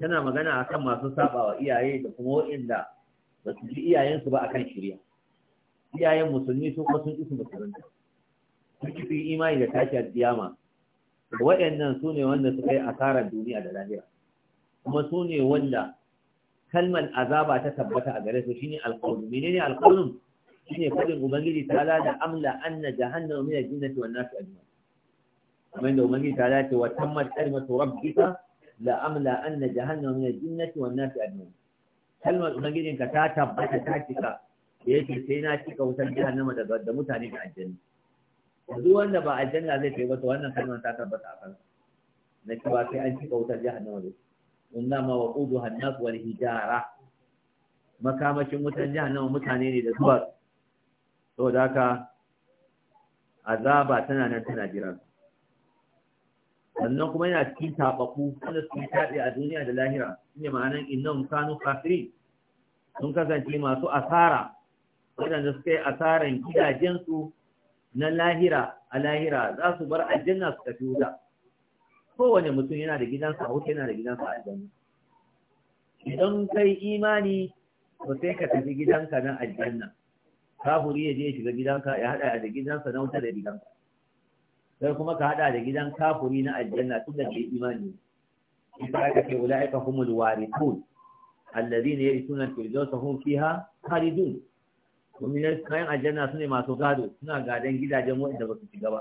tana magana akan masu saba wa iyaye da kuma waɗanda ba su ji iyayensu ba akan shirya iyayen musulmi su kuma sun isu musulunta duk su yi imani da tashi a alƙiyama waɗannan su ne wanda suka yi asarar duniya da lahira kuma su ne wanda kalmar azaba ta tabbata a gare su shine alqawl menene alqawlun shine fadin ubangiji ta'ala da amla anna jahannama min al-jinnati wan nasi ajma'in kamar da ubangiji ta'ala ce wa tammat kalimatu rabbika la amla anna jahannama min al-jinnati wan nasi ajma'in kalmar ubangijinka ta tabbata ta cika da yake sai na cika wutar jahannama da mutane da aljanna Yanzu wanda ba a janna zai kai masa wannan kalmar ta tabbata a kansa na cewa sai an ci kautar jahannama ne inna ma waqudu hannas wal hijara makamashin wutar jahannama mutane ne da zuwa saboda haka azaba tana nan tana jira sannan kuma yana cikin tabaku wanda su taɓe a duniya da lahira shine ma'anan innahum kanu kafiri sun kasance masu asara waɗanda suka yi asaran gidajensu na lahira a lahira za su bar aljanna su tafi wuta kowane mutum yana da gidansa a wuta yana da gidansa a aljanna idan kai imani to sai ka tafi gidanka na aljanna kafuri ya je shiga gidanka ya haɗa da gidansa na wuta da gidanka sai kuma ka haɗa da gidan kafuri na aljanna tun da kai imani in ka ka ce ulaika humul warithun alladhina yarithuna al-firdausa hum fiha khalidun domin kayan aljanna su ne masu gado suna gadon gidajen waɗanda ba su shiga ba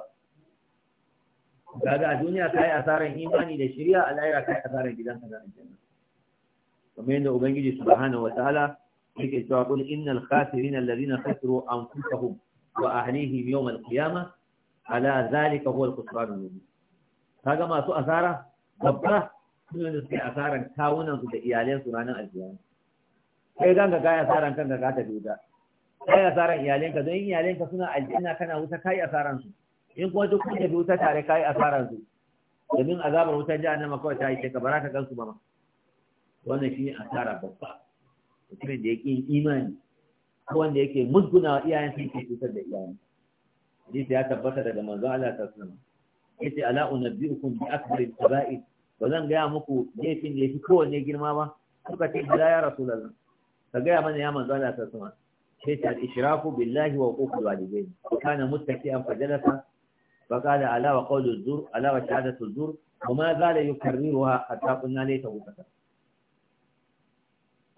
gada a duniya ka yi asarar imani da shirya a lahira ka yi asarar gidanka na aljanna kamar yadda ubangiji subhanahu wataala yake cewa kul innal khasirin alladhina khasiru anfusahum wa ahlihim yawm al-qiyamah ala zalika huwa al-khusran al-mubin kaga masu asara babba sune da suke asaran kawunan su da iyalen su ranar alkiyama kai ganga ga asaran kanka za ta duda kai asaran iyalinka don iyalinka suna aljanna kana wuta kai asaran su in kuma duk kun tafi wuta tare kai asaran su domin azabar wutar jahannama kawai ta yi ka bara ka gansu ba ma wannan shi ne asara babba mutumin da yake yin imani ko wanda yake musguna iyayen sun ke cutar da iyayen hadisi ya tabbata daga manzo Allah ta sallama yace ala unabbiukum bi akbar al-kaba'ir ba zan gaya muku laifin da yafi kowanne girma ba suka ce da ya rasulullah ka gaya mana ya manzo Allah ta sallama ليس الإشراف بالله ووقوف الوالدين وكان متكئا فجلس فقال ألا وقول الزور ألا وشهادة الزور وما زال يكررها حتى قلنا ليته كتب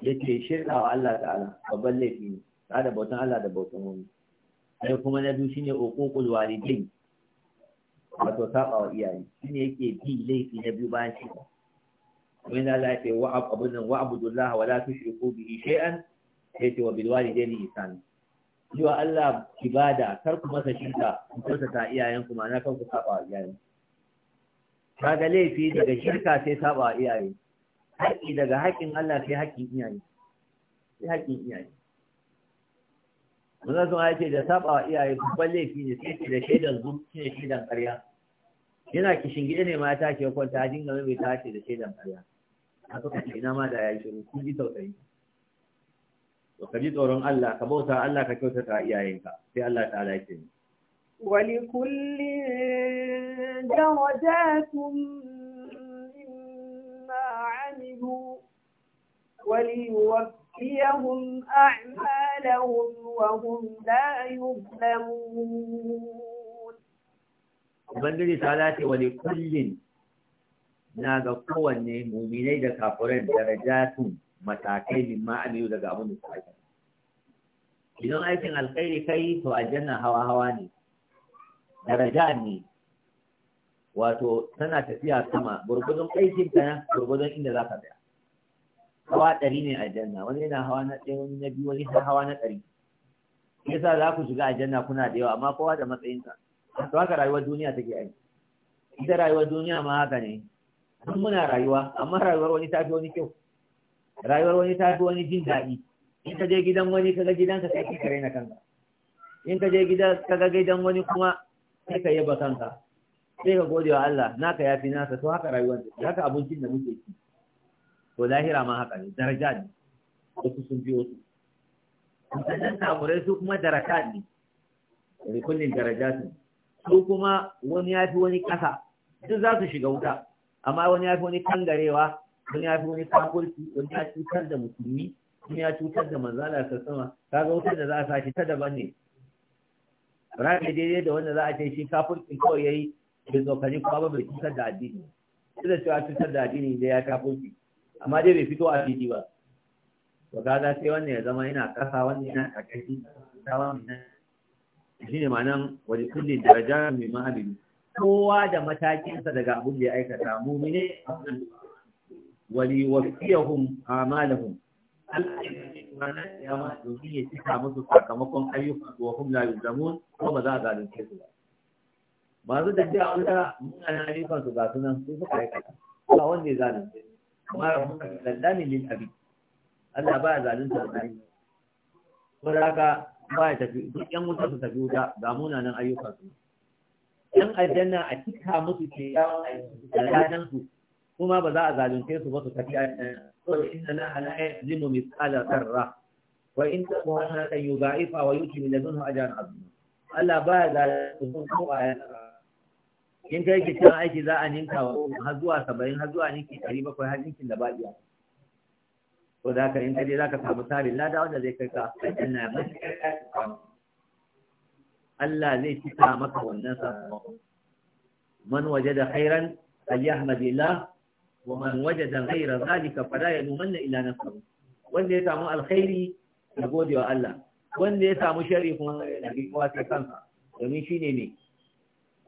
yake shirka wa Allah ta'ala babban laifi ne ta da bautan Allah da bautan wani sai kuma na biyu shine uququl walidai wato saba wa iyaye shine yake bi laifi na biyu bayan shi kuma Allah ya ce wa abudullah wa la tushriku bihi shay'an sai wa bilwari dai ni isan yi Allah ibada kar ku masa shirka ku ta iyayen ku ma'ana kan ku saba iyayen kaga laifi daga shirka sai saba iyaye haƙi daga haƙƙin Allah sai haƙƙin iyaye sai haƙƙin iyaye Manzon sun ya da saba iyaye babban laifi ne sai ce da shaidan zuci ne shaidan ƙarya yana kishin gida ne ta ke kwanta a dinga mai ta ce da shaidan ƙarya a suka ce ina ma da ya yi shiru kun ji tausayi to ka ji tsoron Allah ka bauta Allah ka kyautata iyayenka sai Allah ta ala yake ولكل درجات مما عملوا وليوفيهم أعمالهم وهم لا يظلمون Ubangiji ta lati wani kullin na ga kowanne muminai da kafuran darajatun matakai min ma'amilu daga abin da suka aikata idan aikin alkhairi kai to aljanna hawa hawa ne daraja ne wato tana tafiya sama gurgudun aikin ta gurgudun inda za ka tsaya hawa ɗari ne aljanna wani yana hawa na ɗaya wani na biyu wani har hawa na ɗari yasa za ku shiga aljanna kuna da yawa amma kowa da matsayinka. to haka rayuwar duniya take aiki ita rayuwar duniya ma haka ne duk muna rayuwa amma rayuwar wani ta fi wani kyau rayuwar wani ta fi wani jin daɗi in ka je gidan wani ka ga gidanka sai ka raina kanka in ka je gidan ka ga gidan wani kuma sai ka yaba kanka sai ka gode wa Allah naka yafi nasa to haka rayuwar ta haka abincin da muke ci to lahira ma haka ne daraja ne wasu sun fi wasu sannan samurai su kuma daraja ne rikullin daraja su su kuma wani ya fi wani ƙasa duk za su shiga wuta amma wani ya fi wani kangarewa wani ya fi wani kafurci wani ya cutar da musulmi wani ya cutar da manzala ta sama kaga wutar da za a sashi ta daban ne ba ka daidai da wanda za a ce shi kafurci kawai ya yi bai tsokani kuma ba bai cutar da addini duk da cewa cutar da addini da ya kafurci amma dai bai fito a fiti ba to kaga sai wannan ya zama yana kasa wannan yana kakashin ta wannan shi ne ma'anan wani kullum daraja mai ma'abin kowa da matakinsa daga abin da ya aikata mu ne a wannan وليوفيهم أعمالهم ya domin ya cika musu sakamakon ayyuka wa hum la yuzlamun ko ba za a zalunce su ba masu tafiya wanda muna ayyukan su ga sunan su suka yi kata ba wanda ya zalunce amma dandani min abi Allah ba ya zalunta da ayi ko da haka ba ya tafi duk yan wuta su tafi wuta ga munanan ayyukan su yan aljanna a cika musu ke yawan ayyukan su da ladan su kuma ba za a zalunce su ba su tafi so eh, eh, inna na halaye, zinu misala tarra wa in taqwa na kan yudha'ifa wa yuti min ladunhu ajran azima Allah ba ya zalunce ko aya in kai ki cin aiki za a ninka har zuwa 70 har zuwa ninki 700 har ninkin da baɗiya ko da ka in kaje za ka samu tarin lada wanda zai kai ka aljanna ba Allah zai cika maka wannan sakamako man wajada khairan falyahmadillah wa man wajada ghayra zalika fala yalumanna illa nafsuhu wanda ya samu alkhairi ya gode wa Allah wanda ya samu sharri kuma ya bi kowa sai kansa domin shine ne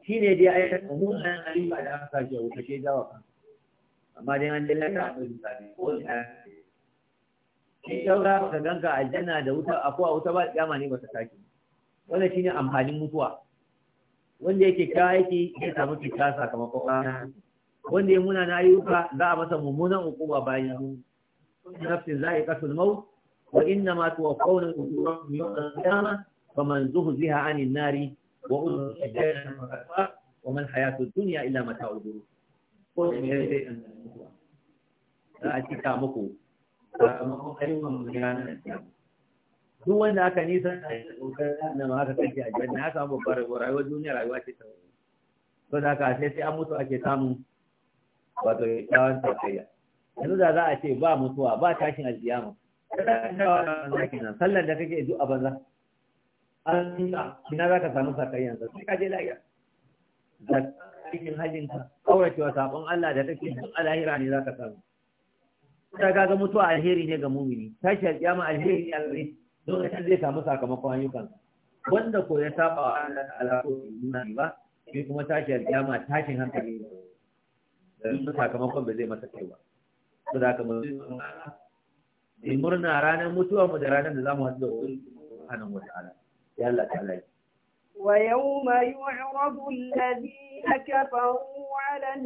shine dai ayatan mu'min alima da aka ce wuta ce dawa kansa amma dai an dalla ta da misali ko da shi daura ka ganka aljanna da wuta akwai wuta ba kiyama ne ba ta sake wannan shine amfanin mutuwa wanda yake kaya yake ya samu kika sakamakon wanda ya muna na ayyuka za a masa mummunan hukuma bayan nafsin za a yi kasul mau wa inna ma tuwa kaunar hukumar yawon dama ba man zuhu ziha anin nari wa uzu shidayar wa man hayatu duniya ila mata uburu ko da mai rai an za a cika muku sakamakon ayyukan mu ranar duk wanda aka nisa na yi tsokar na ma haka kanke a na ya samu babbar rayuwar duniya rayuwa ce ta wani Sau da ka sai sai an mutu ake samun wato kyakkyawan sakayya yanzu da za a ce ba mutuwa ba tashin alkiyama sallar da kake zuwa banza an ina za ka samu sakayyan sa sai ka je lahira da cikin kawai kauracewa sabon Allah da kake zuwa alahira ne za ka samu ta kaga mutuwa alheri ne ga mumini tashi alkiyama alheri ne alheri don ka zai samu sakamakon ayyukan wanda ko ya saba wa Allah alaƙo da ba sai kuma tashi alƙiyama tashin hankali ne duk sakamakon ba zai masa kaiwa ba za ka mazi murna ranar mutuwa mu da ranar da za mu hasu da wani hannun wata ala ya Allah ta alayi wa yau ma yi wa rabu lalabi a kafa wadan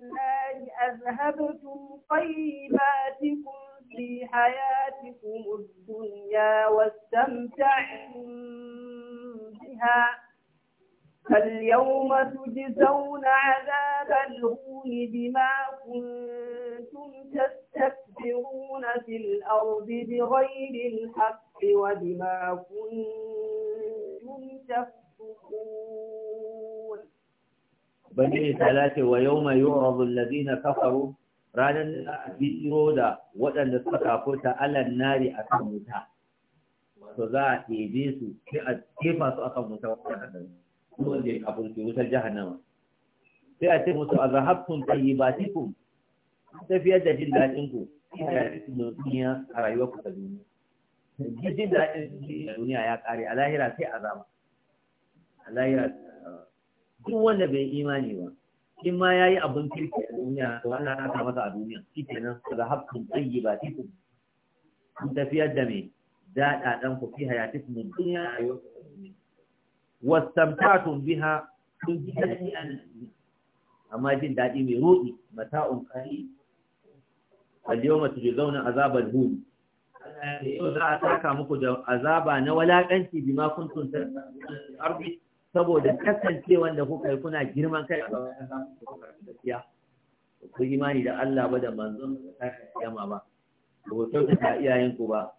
nari a zahabar tumfai ba tikun fi hayati tikun duniya wasu tamta tamta'in biha فاليوم تجزون عذاب الهون بما كنتم تستكبرون في الأرض بغير الحق وبما كنتم تفسقون بني ثلاثة ويوم يعرض الذين كفروا ranar biro da waɗanda suka kafo ta alan nari a kan wuta, to za a ɗebe su, sai a jefa su a kan wuta waɗanda ko wanda ya kafurce wutar jahannama sai a ce musu a zahabtun tayyibatikum tafiyar da jin daɗin ku duniya a rayuwar ku ta duniya jin daɗin duniya ya ƙare a lahira sai azama a lahira duk wanda bai imani ba in ma ya yi abin kirki a duniya to ana haka masa a duniya shi kenan da hakkun tsayi ba tiku kun tafiyar da mai daɗaɗan ku fi hayatikum duniya a yau wastamtatum biha kun ji daɗi amma jin daɗi mai ruɗi mata'un ƙari al-yawma bi zauna azabar hudu yau za a taka muku da azaba na walaƙanci bi ma arbi saboda kasance da kuka yi kuna girman kai a gaskiya ku imani da Allah ba da manzon da ta kiyama ba ba ka iyayen iyayenku ba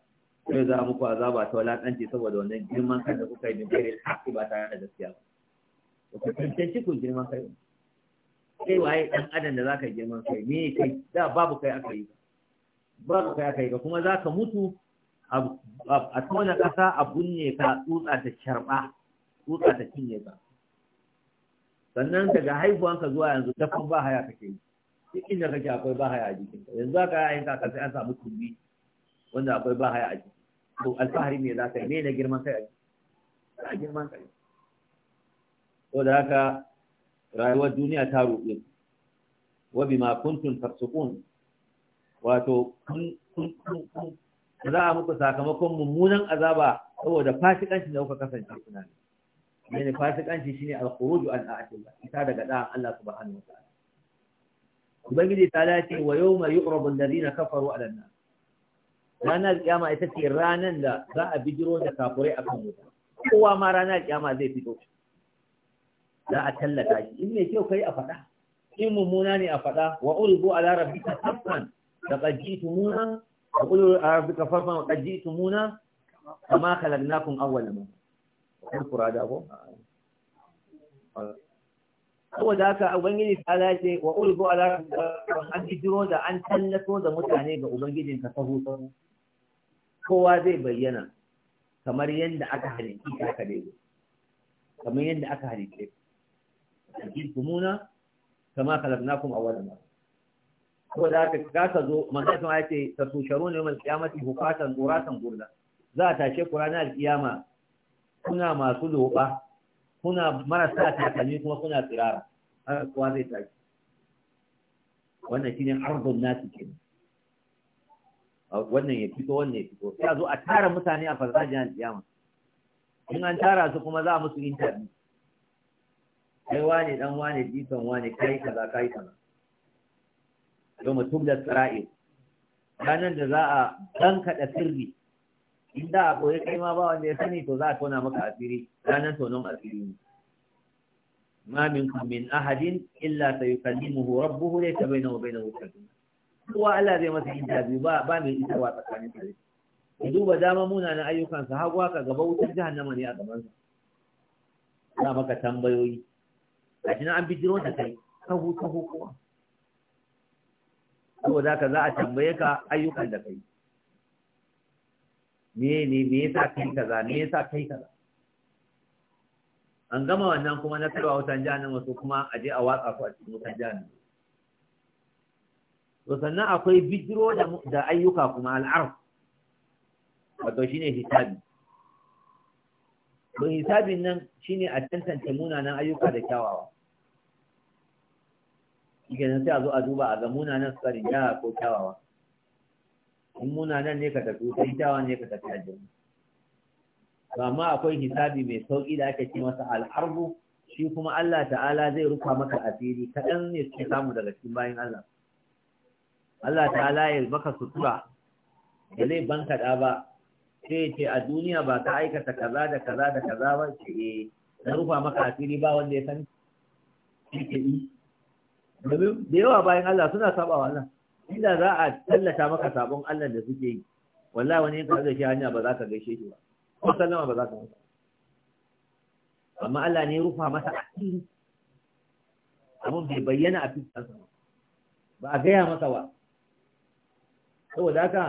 sai za muku azaba ta walakanci saboda wannan girman kan da kuka yi min kare haƙi ba tare da gaskiya ba ku tantance ku girman kai kai waye ɗan adam da za ka girman kai me kai da babu kai aka yi ba babu kai aka yi ba kuma ka mutu a tona ƙasa a bunne ka tsutsa ta sharɓa, tsutsa ta cinye ka sannan daga haihuwanka zuwa yanzu dafan ba haya kake yi duk inda kake akwai ba haya a jikinka yanzu za yi ayyuka ka sai an samu tumbi wanda akwai ba haya a jiki to alfahari ne za ka yi ne girman kai a girman kai ko da haka rayuwar duniya ta ruɗe wa bima kuntum tafsukun wato kun kun kun za a muku sakamakon mummunan azaba saboda fasikanci da kuka kasance kuna ne ne fasikanci shine al-khuruju an a'tilla ita daga da Allah subhanahu wa ta'ala ubangiji ta dace wa yawma yu'rabu alladhina kafaru ala an-nar ranar kiyama ita ce ranar da za a bijiro da kafurai a kan wuta kowa ma ranar kiyama zai fito za a tallata shi in mai kyau kai a faɗa in mummuna ne a faɗa wa urdu ala rabbika saffan laqad jitumuna wa qulu ala rabbika saffan laqad jitumuna kama khalaqnakum awwal marra alqura da ko saboda haka ubangiji ta lace wa urdu ala rabbika an bijiro da an tallato da mutane ga ubangijin ka sahu sahu kowa zai bayyana kamar yadda aka halitta ka haka kamar yadda aka halitta hakimuna kama khalaqnakum awwala Ko da haka ka zo ma ya ce ta tasusharuna yawmal qiyamati hufatan tsoratan gurna za a tashe kurana ranar alkiyama kuna masu loba kuna marasa takalmi kuma kuna tsirara har kowa zai tashi wannan shi ne ardun nasi kenan wannan ya fito wannan ya fito sai a zo a tara mutane a farfajiyar kiyama in an tara su kuma za a musu interview kai wane dan wane jikan wane kai kaza kai kaza yau mutum da tsara'i ranar da za a dan kada sirri in da a koyi kai ma ba wanda ya sani to za a tona maka asiri ranar tonon asiri ne ma minkum min ahadin illa kalli ta sayukallimuhu ta bai na wa bainahu tarjuma kowa Allah zai masa interview ba ba mai isarwa tsakanin kare. ya duba dama munanan ayyukansa har haka gaba wutar jahannama ne a gaban sa za maka tambayoyi a shi an bijiro da kai kahu kahu kowa saboda ka za a tambaye ka ayyukan da kai me ne me yasa kai kaza me yasa kai kaza an gama wannan kuma na karwa wutan jahannama su kuma a je a watsa ku a cikin wutan jahannama to sannan akwai bijiro da ayyuka kuma al'arf wato shine hisabi don hisabin nan shine a tantance munanan ayyuka da kyawawa kenan sai a zo a duba a ga munanan suka rinjaya ko kyawawa in munanan ne ka tafi sai kyawawan ne ka tafi aljanna amma akwai hisabi mai sauƙi da ake ce masa al'arbu shi kuma Allah ta'ala zai rufa maka asiri kaɗan ne suke samu daga cikin bayan Allah Allah ta'ala ya baka sutura da zai banka da ba sai ya ce a duniya ba ka aikata kaza da kaza da kaza ba ce eh na rufa maka asiri ba wanda ya san ke yi domin da yawa bayan Allah suna saba wa Allah inda za a tallata maka sabon Allah da suke yi wallahi wani yanka zai shi hanya ba za ka gaishe shi ba ko sallama ba za ka masa amma Allah ne rufa masa asiri abin bai bayyana a fiskansa ba a gaya masa ba saboda haka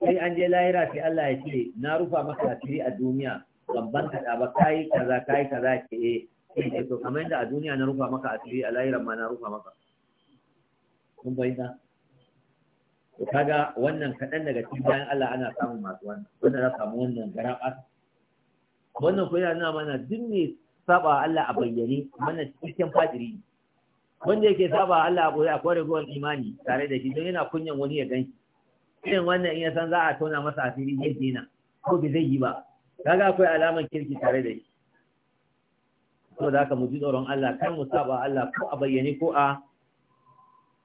sai an je lahira sai Allah ya ce na rufa maka asiri a duniya babban kada ba kai kaza kai kaza ke eh sai to kamar yadda a duniya na rufa maka asiri a lahira ma na rufa maka kun bayyana to kaga wannan kaɗan daga cikin bayan Allah ana samun masu wannan wanda za samu wannan garaɓa wannan ko yana nuna mana duk mai saba Allah a bayyane mana cikin fadiri wanda yake saba Allah a boye akwai imani tare da shi don yana kunyan wani ya ganki. irin wannan in ya san za a tona masa asiri zai dina ko bi zai yi ba kaga akwai alaman kirki tare da shi saboda ka mu ji tsoron Allah kar mu saba Allah ko a bayyane ko a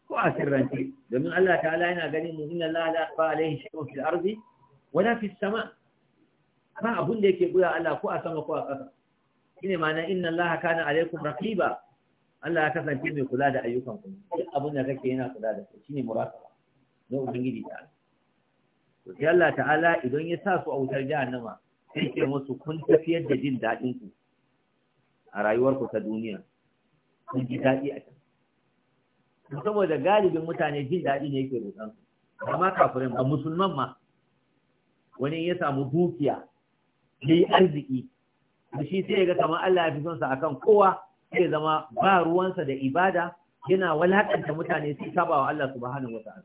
ko a sirrance domin Allah ta'ala yana ganin mu inna Allah la yakhfa alayhi shay'un fil ardi la fis sama ba abun da yake buya Allah ko a sama ko a ƙasa shine ma'ana inna Allah kana alaykum raqiba Allah ya kasance mai kula da ayyukan ku duk abin da kake yana kula da shi shine muraqaba na ubangiji ta'ala to sai Allah ta'ala idan ya sa su a wutar jahannama sai ke musu kun tafiyar da jin daɗin ku a rayuwar ku ta duniya kun ji daɗi a can saboda galibin mutane jin daɗi ne yake roƙon amma kafirin ba musulman ma wani ya samu dukiya ya yi arziki da shi sai ga kamar Allah ya fi son sa akan kowa sai zama ba ruwansa da ibada yana walakanta mutane su saba wa Allah subhanahu wataala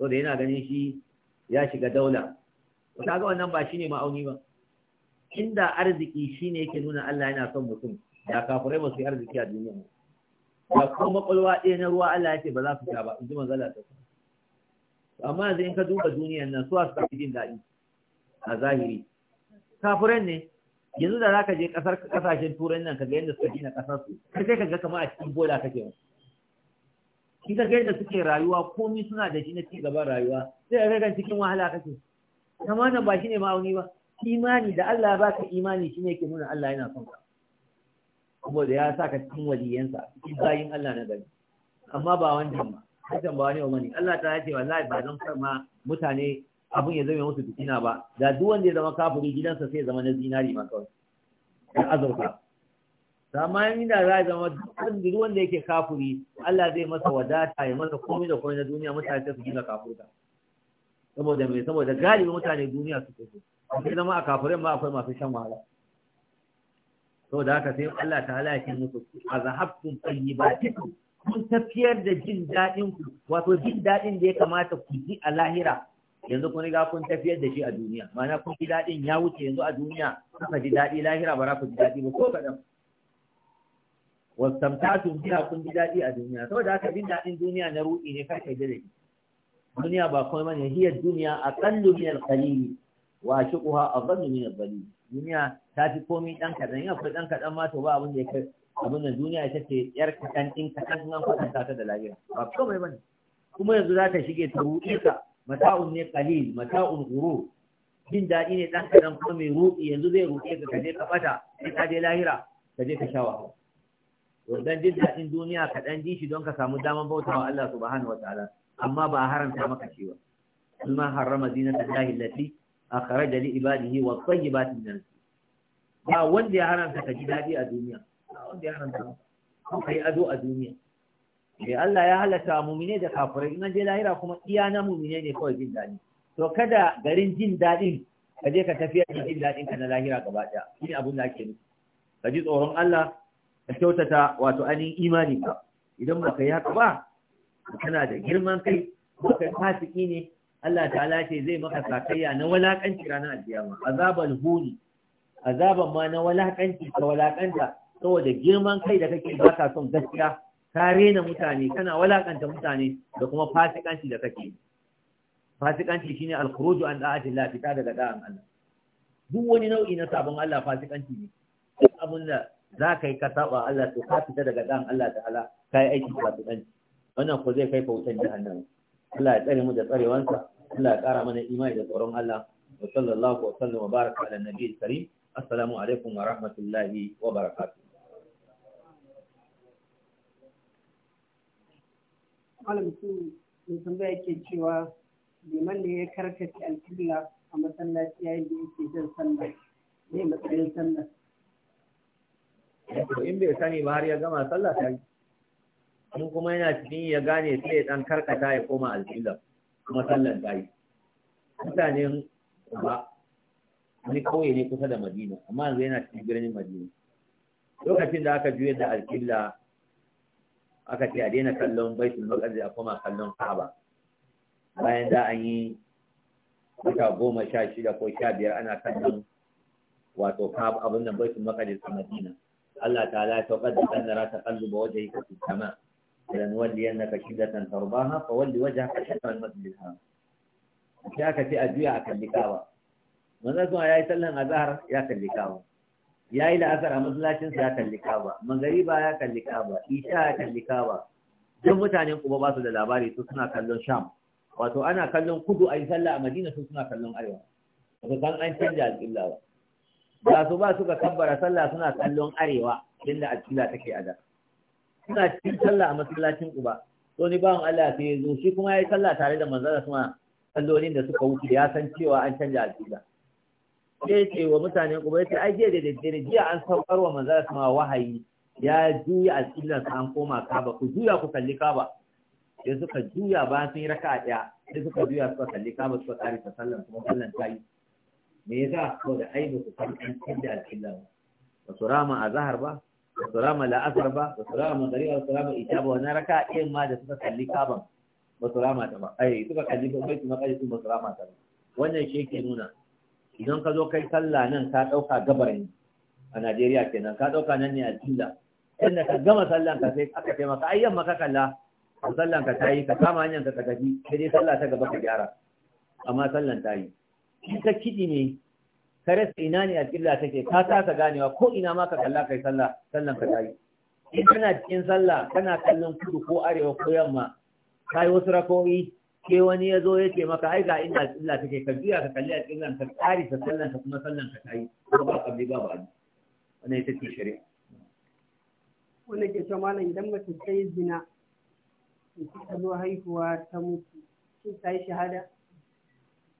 to da yana ganin shi ya shiga daula kaga wannan ba shine ma'auni ba inda arziki shine yake nuna Allah yana son mutum da kafirai ba su arziki a duniya ba kuma kwalwa ɗaya na ruwa Allah ya ce ba za su sha ba in ji manzala ta amma yanzu in ka duba duniyan nan suwa suka fi jin daɗi a zahiri Kafuren ne yanzu da za ka je ƙasashen turai nan ka ga yadda suka gina ƙasarsu sai ka ga kama a cikin bola kake wasu in ka ga yadda suke rayuwa komai suna da shi na ci gaban rayuwa sai a ga cikin wahala kake kama na ba shine ma'auni ba imani da Allah ya baka imani shine yake nuna Allah yana son ka saboda ya saka cikin waliyansa cikin bayin Allah na gani amma ba wannan ba hakan ba wani wani Allah ta ce wallahi ba don san ma mutane abin ya zama musu fitina ba da duk wanda ya zama kafiri gidansa sai ya zama na zinari ma kawai da azurfa amma inda za a zama duk wanda yake kafuri Allah zai masa wadata ya masa komai da komai na duniya mutane ta su gina kafurta saboda mai saboda galibi mutane duniya su kusa sai zama a kafurin ma akwai masu shan wahala saboda haka sai Allah ta halaki musu a zahabtun tsayi ba kun tafiyar da jin daɗin ku wato jin daɗin da ya kamata ku ji a lahira yanzu kun riga kun tafiyar da shi a duniya ma'ana kun ji daɗin ya wuce yanzu a duniya kuka ji daɗi lahira ba za ku ji daɗi ba ko kaɗan wastamtatu biha kun ji dadi a duniya saboda haka bin dadin duniya na ruɗi ne kai kai dare duniya ba komai bane hiya duniya aqallu min al-qalil wa ashuquha aqallu min al-qalil duniya ta fi komai dan kadan ya fa dan kadan ma to ba abin da yake abin da duniya ita ce yar kadan din kadan nan kwatanta ta da lahira ba komai bane kuma yanzu za ta shige ta ruɗe ka mata'un ne qalil mata'un ghurur Bin dadi ne dan kadan kuma mai ruɗi yanzu zai ruɗe ka kaje ka fata sai ka je lahira kaje ka shawa dan jin daɗin duniya ka dan ji shi don ka samu daman wa Allah subhanahu wataala amma ba a haramta maka shi ba kuma harrama zinata Allah allati akhraja li ibadihi wa tayyibati min ba wanda ya haramta ka ji daɗi a duniya ba wanda ya haramta ka kai ado a duniya eh Allah ya halatta mu'mine da kafirai in je lahira kuma iya na mu'mine ne kawai jin daɗi to kada garin jin daɗin ka je ka tafiya da jin daɗin ka na lahira gaba ɗaya shine abin da ake nufi ka ji tsoron Allah ka kyautata wato ainihin imani ba idan baka yi haka ba kana da girman kai ba ka fasiki ne Allah Ta ce zai maka sakayya na walakanci ranar alkiyama azabal huni azaban ma na walakanci ka walakanta saboda girman kai da kake baka son gaskiya ka rena mutane kana walakanta mutane da kuma fasikanci da kake fasikanci shine alkhuruju an da'ati Allah fita daga da'an Allah duk wani nau'i na sabon Allah fasikanci ne abun da za ka yi ka saba Allah to ka fita daga dan Allah ala ka yi aiki ba dan wannan ko zai kai ka wutan jahannama Allah ya tsare mu da tsarewansa Allah ya kara mana imani da tsoron Allah wa sallallahu wa sallam wa baraka ala nabiyil karim assalamu alaikum wa rahmatullahi wa barakatuh malam su mai tambaya ke cewa liman ne ya karkace alƙibla a masallaci yayin da yake jin sallah ne matsayin sallah to in bai sani ba har ya gama sallah ta yi Mun kuma yana cikin ya gane sai ya dan karkata ya koma alƙibla kuma sallan ta yi mutanen ba wani kauye ne kusa da madina amma yanzu yana cikin birnin madina lokacin da aka juya da alƙibla aka ce a daina kallon baitul maqdis a koma kallon ka'aba bayan da an yi wata goma sha shida ko sha biyar ana kallon wato ka'aba abin nan baitul maqdis a madina Allah ta'ala ya saukar da kan nara ta kallu ba wajen ka sama idan walli yannaka shidatan tarbaha fa walli wajhaka shatr al-masjid al-haram sai aka ce a juya a kalli kawa manzo kuma yi sallan azahar, ya kalli kawa yi la'asar a masallacin ya kalli kawa magariba ya kalli kawa isha ya kalli kawa duk mutanen kuma ba su da labari su suna kallon sham wato ana kallon kudu a yi sallah a madina su suna kallon arewa wato kan an canja alƙibla da su ba suka kabbara sallah suna kallon arewa inda alƙibla take a da suna cikin sallah a masallacin uba, to ni bawan Allah sai zo shi kuma yayi sallah tare da manzara kuma kallonin da suka wuce ya san cewa an canja alƙibla sai ce wa mutanen uba yace ai je da daddare jiya an saukar wa manzara kuma wahayi ya juya alƙibla sa an koma kaba ku juya ku kalli kaba, sai suka juya ba sun yi raka'a ɗaya sai suka juya suka kalli kaba suka tsare ta sallan kuma sallan ta yi me yasa saboda ai ba su san an canza alƙibla ba ba su rama a zahar ba ba su rama la'asar ba ba su rama magari ba su rama isha ba wani raka ɗayan ma da suka kalli kaban ba su rama ta ba ai suka kalli ba kai kuma kai sun ba su rama ta ba wannan shi ke nuna idan ka zo kai sallah nan ka ɗauka gabar ne a Najeriya kenan ka ɗauka nan ne alƙibla inda ka gama sallan ka sai aka taimaka ai yamma ka kalla sallan ka ta yi ka kama hanyar ka tafi sai dai sallah ta gaba ka gyara amma sallan ta yi. in ka kiɗi ne ka rasa ina ne a ƙilla take ka kasa ganewa ko ina ma ka kalla kai sallah sallan ka tayi in kana cikin sallah kana kallon kudu ko arewa ko yamma kai wasu rakoyi ke wani ya zo ya ce maka ai ga inda ƙilla take ka juya ka kalli a ƙillan ka tsari ka sallan ka kuma sallan ka tayi ko ba ka ba ba wannan ita ce shari'a wannan ke cewa malam idan mace ta yi zina ta zo haihuwa ta mutu sai ta yi shahada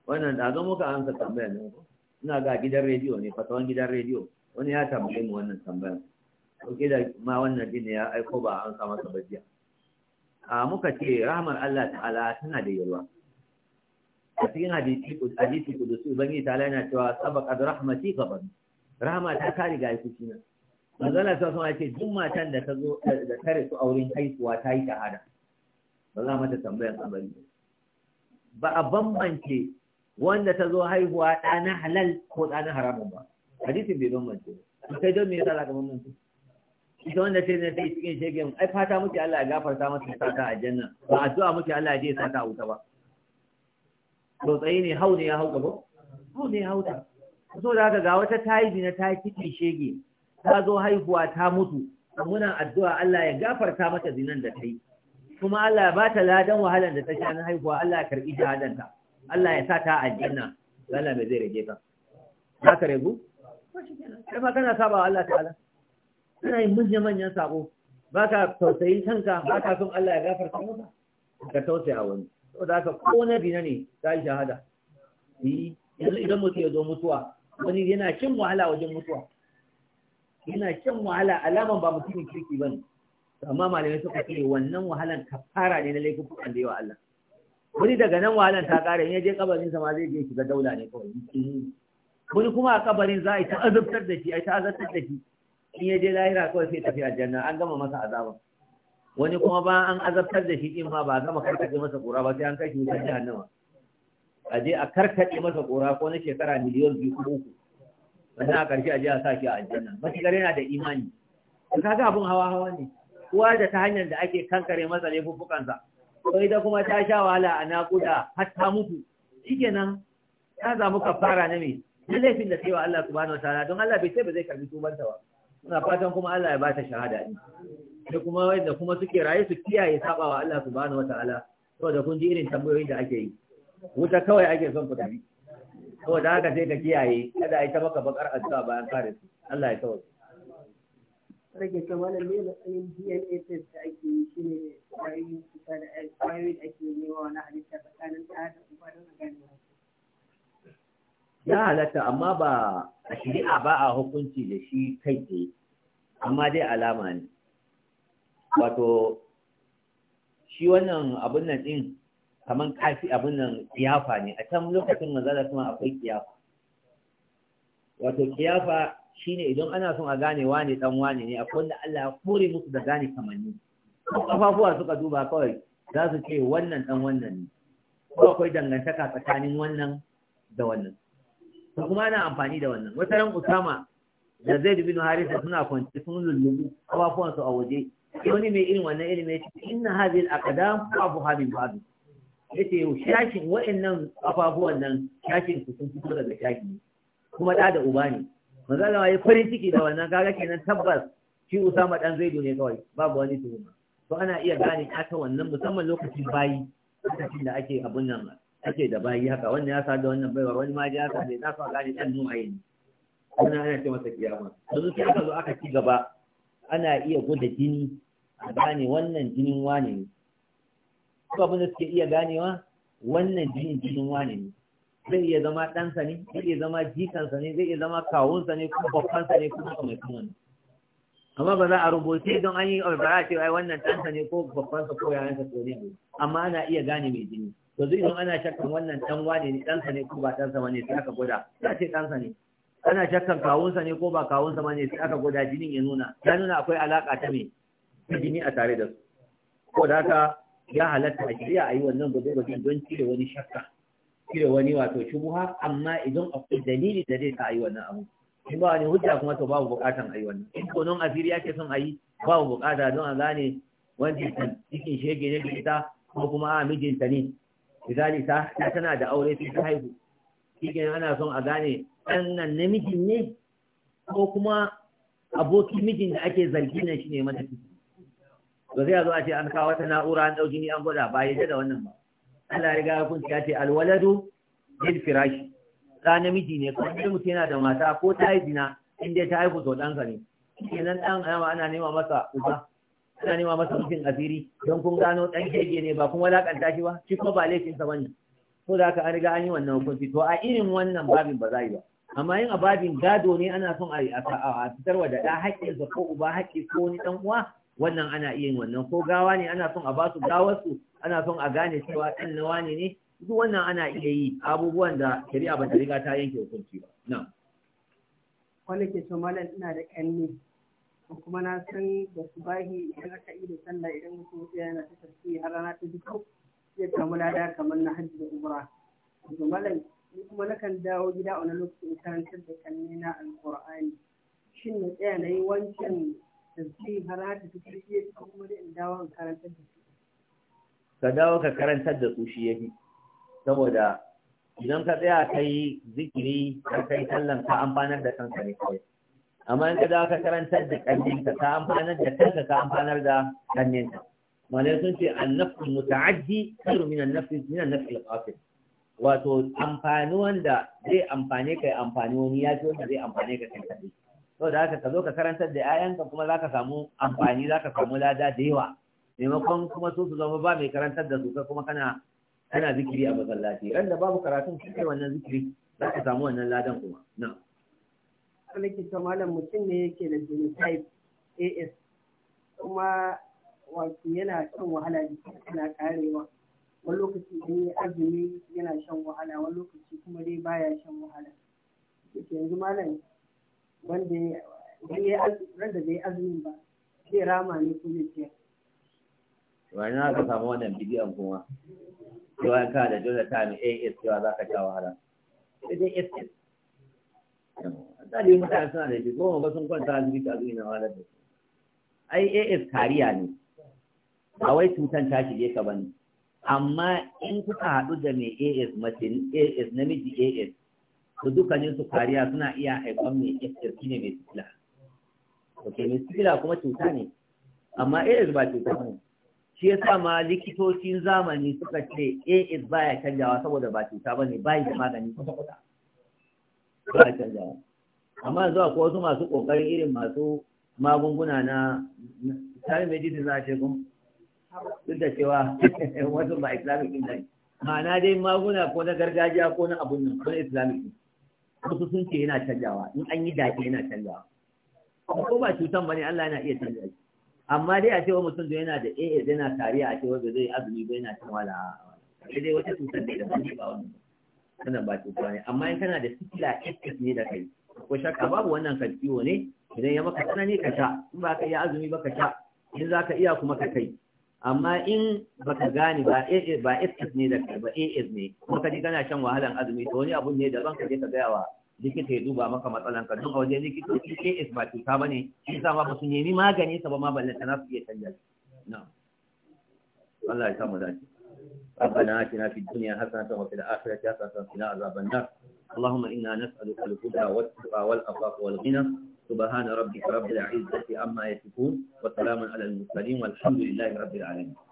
wannan da ga muka amsa tambayar nan ko ina ga gidan rediyo ne fatawan gidan rediyo wani ya tambaye mu wannan tambayar ko da ma wannan din ya aiko ba an sa masa bajiya a muka ce rahmar Allah ta'ala tana da yalwa a cikin hadisi hadisi su ubangi ta'ala yana cewa sabaqa rahmati gaban rahma ta kare ga ya kuci na manzala sa sun ce duk matan da ta zo da tare su auren haihuwa ta yi shahada ba za mata tambayar kabari ba a bambance wanda ta zo haihuwa ɗa na halal ko ɗa na haramun ba hadisin bai bambance ba kai don me yasa za ka bambance ita wanda ce ne sai cikin shegen ai fata muke Allah ya gafarta mata ya saka aljanna ba addu'a muke Allah ya je ya ta wuta ba to tsaye ne hau ne ya hau gaba hau ne ya hau ta so da haka ga wata tayi bina ta kiɗi shege ta zo haihuwa ta mutu muna addu'a Allah ya gafarta mata zinan da ta yi kuma Allah ya ba ta ladan wahalan da ta sha na haihuwa Allah ya karɓi shahadanta Allah ya sa ta aljanna Allah mai zai rage ka za ka ragu kai ma kana saba Allah ta'ala kana yin manyan manyan sabo ba ka tausayin kanka ba ka son Allah ya gafarta maka ka tausaya wani ka haka ko na dina ne ta yi shahada yanzu idan mutum ya zo mutuwa wani yana cin wahala wajen mutuwa yana cin wahala alaman ba mutumin kirki ba ne amma malamai suka ce wannan wahalan kafara ne na laifukan da yawa Allah wani daga nan wahalar ta ƙara in ya je kabarin sa ma zai je shiga daula ne kawai wani kuma a kabarin za a yi ta azabtar da shi a yi ta azabtar da shi in ya je lahira kawai sai tafi aljanna an gama masa azaba wani kuma ba an azabtar da shi in ma ba gama karkace masa kura ba sai an kai shi wutar jahannama a je a karkace masa kura ko na shekara miliyon biyu ko uku wannan a karshe a je a sa shi a aljanna gare yana da imani kaga abin hawa hawa ne kowa da ta hanyar da ake kankare masa laifuffukansa ko ita kuma ta sha wahala a naƙuda har ta mutu shikenan ta samu kafara na me na laifin da wa Allah subhanahu ta'ala don Allah bai sai ba zai karbi tubanta ba muna fatan kuma Allah ya ba ta shahada ne da kuma wanda kuma suke raye su kiyaye sabawa Allah subhanahu wataala saboda kun ji irin tambayoyin da ake yi wuta kawai ake son ku tafi saboda haka sai ka kiyaye kada a yi ta maka bakar addu'a bayan kare su Allah ya tawaye rage kamalan ne matsayin dna test da ake yi shi ne kwayoyin cuta da kwayoyi da ake yi wa wani halitta tsakanin ɗaya da uba don a gane ya halatta amma ba a shari'a ba a hukunci da shi kai tsaye amma dai alama ne wato shi wannan abun nan din kaman kafi abun nan kiyafa ne a can lokacin manzala kuma akwai kiyafa wato kiyafa Shi ne idan ana son a gane wane dan wane ne akwai wanda Allah ya kore musu da gane kamanni kafafuwa suka duba kawai za su ce wannan dan wannan ne ko akwai dangantaka tsakanin wannan da wannan to kuma ana amfani da wannan wata ran Usama da zai bin Harisa suna kwanci sun lullubi kafafuwan su a waje wani mai irin wannan ilimi ya ce inna hadhihi al-aqdam abu habib ba'd yace shashin nan kafafuwan nan shashin su sun fito daga shakin. kuma ɗa da uba ne manzala ma yi farin ciki da wannan kaga kenan tabbas shi usama dan zaidu ne kawai babu wani tuhuma to ana iya gane ta wannan musamman lokacin bayi lokacin da ake abun nan ake da bayi haka wannan ya sa da wannan baiwa. wani ma ya sa bai za su gane dan nuhayi ne wannan ana ce masa kiyama yanzu sai aka zo aka ci gaba ana iya gwada jini a gane wannan jinin wane ne ko abin da suke iya ganewa wannan jinin jinin wane ne zai iya zama ɗansa ne zai iya zama jikansa ne zai iya zama kawunsa ne kuma babbansa ne kuma mai kuma ne. amma ba za a rubuce don an yi albara ce ai wannan ɗansa ne ko babbansa ko yayansa ko ne amma ana iya gane mai jini to zai zama ana shakkan wannan ɗan wane ne ɗansa ne ko ba ɗansa ba ne sai aka gwada za ce ɗansa ne ana shakkan kawunsa ne ko ba kawunsa ba ne sai aka gwada jinin ya nuna ya nuna akwai alaƙa ta me jini a tare da su ko da haka ya halatta a shirya a yi wannan gwaje gwaje don cire wani shakka cire wani wato shubuha amma idan akwai dalili da zai ta a yi wannan abu in ba wani hujja kuma to babu bukatan a yi wannan in ko nan asiri ake son a yi babu bukata don a gane wancan cikin shege ne da ko kuma a mijinta ne misali ta tana da aure sai ta haihu shi ana son a gane ɗan nan namijin ne ko kuma abokin mijin da ake zargi na shi ne mata ciki to sai a zo a ce an kawo wata na'ura an ɗauki ni an gwada ba yadda da wannan ba Allah ya riga ya kunta ya ce alwaladu bil firashi da namiji ne ko dai mutum yana da mata ko ta yi zina in dai ta haihu to ɗansa ne kenan ɗan ana ana nema masa uba ana nema masa rufin asiri don kun gano ɗan shege ne ba kun walakanta shi ba shi kuma ba laifinsa ba ne ko da haka an riga an yi wannan hukunci to a irin wannan babin ba za yi ba amma yin a babin gado ne ana son a a fitarwa da ɗa haƙƙinsa ko uba haƙƙi ko wani ɗan uwa wannan ana iya yin wannan ko gawa ne ana son a ba su gawarsu ana son a gane cewa ɗan na wane ne duk wannan ana iya yi abubuwan da shari'a ba ta riga ta yanke hukunci ba na wani ke malam ina da ƙanni kuma na san da su bahi idan aka yi da sallah idan mutum ya yana ta tafi har rana ta duka ya samu lada kamar na hajji da umra to malam ni kuma nakan dawo gida a wani lokacin karantar da kanni na alƙur'ani shin na tsaya na yi wancan tasbih har rana ta tafi ya kuma da in dawo in karantar da ka dawo ka karantar da su shi fi saboda idan ka tsaya ka yi zikiri ka kai sallan ka amfanar da kanka ne kawai amma in ka dawo ka karantar da kanninka ka amfanar da kanka ka amfanar da kanninka mana sun ce annafsu muta'addi khairu min annafsi min annafsi al-qasid wato amfani wanda zai amfane kai amfani wani ya ce wanda zai amfane ka kai kadai saboda haka ka zo ka karantar da 'ya'yanka kuma za ka samu amfani za ka samu lada da yawa maimakon kuma su su zama ba mai karantar da su kai kuma kana kana zikiri a masallaci ran da babu karatun ke wannan zikiri za ka samu wannan ladan kuma na alaki ta malam mutum ne yake da genotype AS kuma wato yana shan wahala jiki yana karewa wani lokaci ne azumi yana shan wahala wani lokaci kuma dai baya shan wahala yanzu malam wanda ya yi azumi ba zai rama ne ko zai wani na ka samu wannan bidiyon kuma cewa ka da dole ta mi as cewa za ka sha wahala sai dai as misali mutane suna da shi goma ba sun kwanta a asibiti a duniya wahalar da su ai as kariya ne ba wai cutan ta shige ka bane amma in kuka haɗu da mai as mace as namiji as to dukkanin su kariya suna iya haifan mai as ne mai sikila ok mai sikila kuma cuta ne amma as ba cuta ne shi yasa ma likitocin zamani suka ce AIDS baya canjawa saboda ba cuta ne bayan da magani kwata kwata ba canjawa amma yanzu akwai wasu masu kokari irin masu magunguna na tarin medicine za a ce kun duk da cewa wasu ba islamic din ne ma'ana dai maguna ko na gargajiya ko na abun nan ko na islamic wasu sun ce yana canjawa in an yi dace yana canjawa ko ba cutan ne Allah yana iya canja shi amma dai a cewa mutum yana da AA yana tari a cewa da zai azumi ba yana cin wala sai dai wata cutar ne da ba ba wannan wannan ba cuta ne amma in kana da sikila ikkis ne da kai ko shakka babu wannan ka ciwo ne idan ya maka tsanani ka sha in ba ka iya azumi ba ka sha in za ka iya kuma ka kai amma in baka gane ba AA ba ikkis ne da kai ba AA ne kuma ka ji kana shan wahalan azumi to wani abu ne daban ka je ka gaya wa likita ya duba maka matsalan ka duka wajen likitoci AS ba cuta ba ne shi sa ma ba su nemi magani sa ba ma balle tana su iya canja na Allah ya samu dace ربنا آتنا في الدنيا حسنة وفي الآخرة حسنة وقنا عذاب النار اللهم إنا نسألك الهدى والتقى والعفاف والغنى سبحان ربك رب العزة عما يصفون وسلام على المرسلين والحمد لله رب العالمين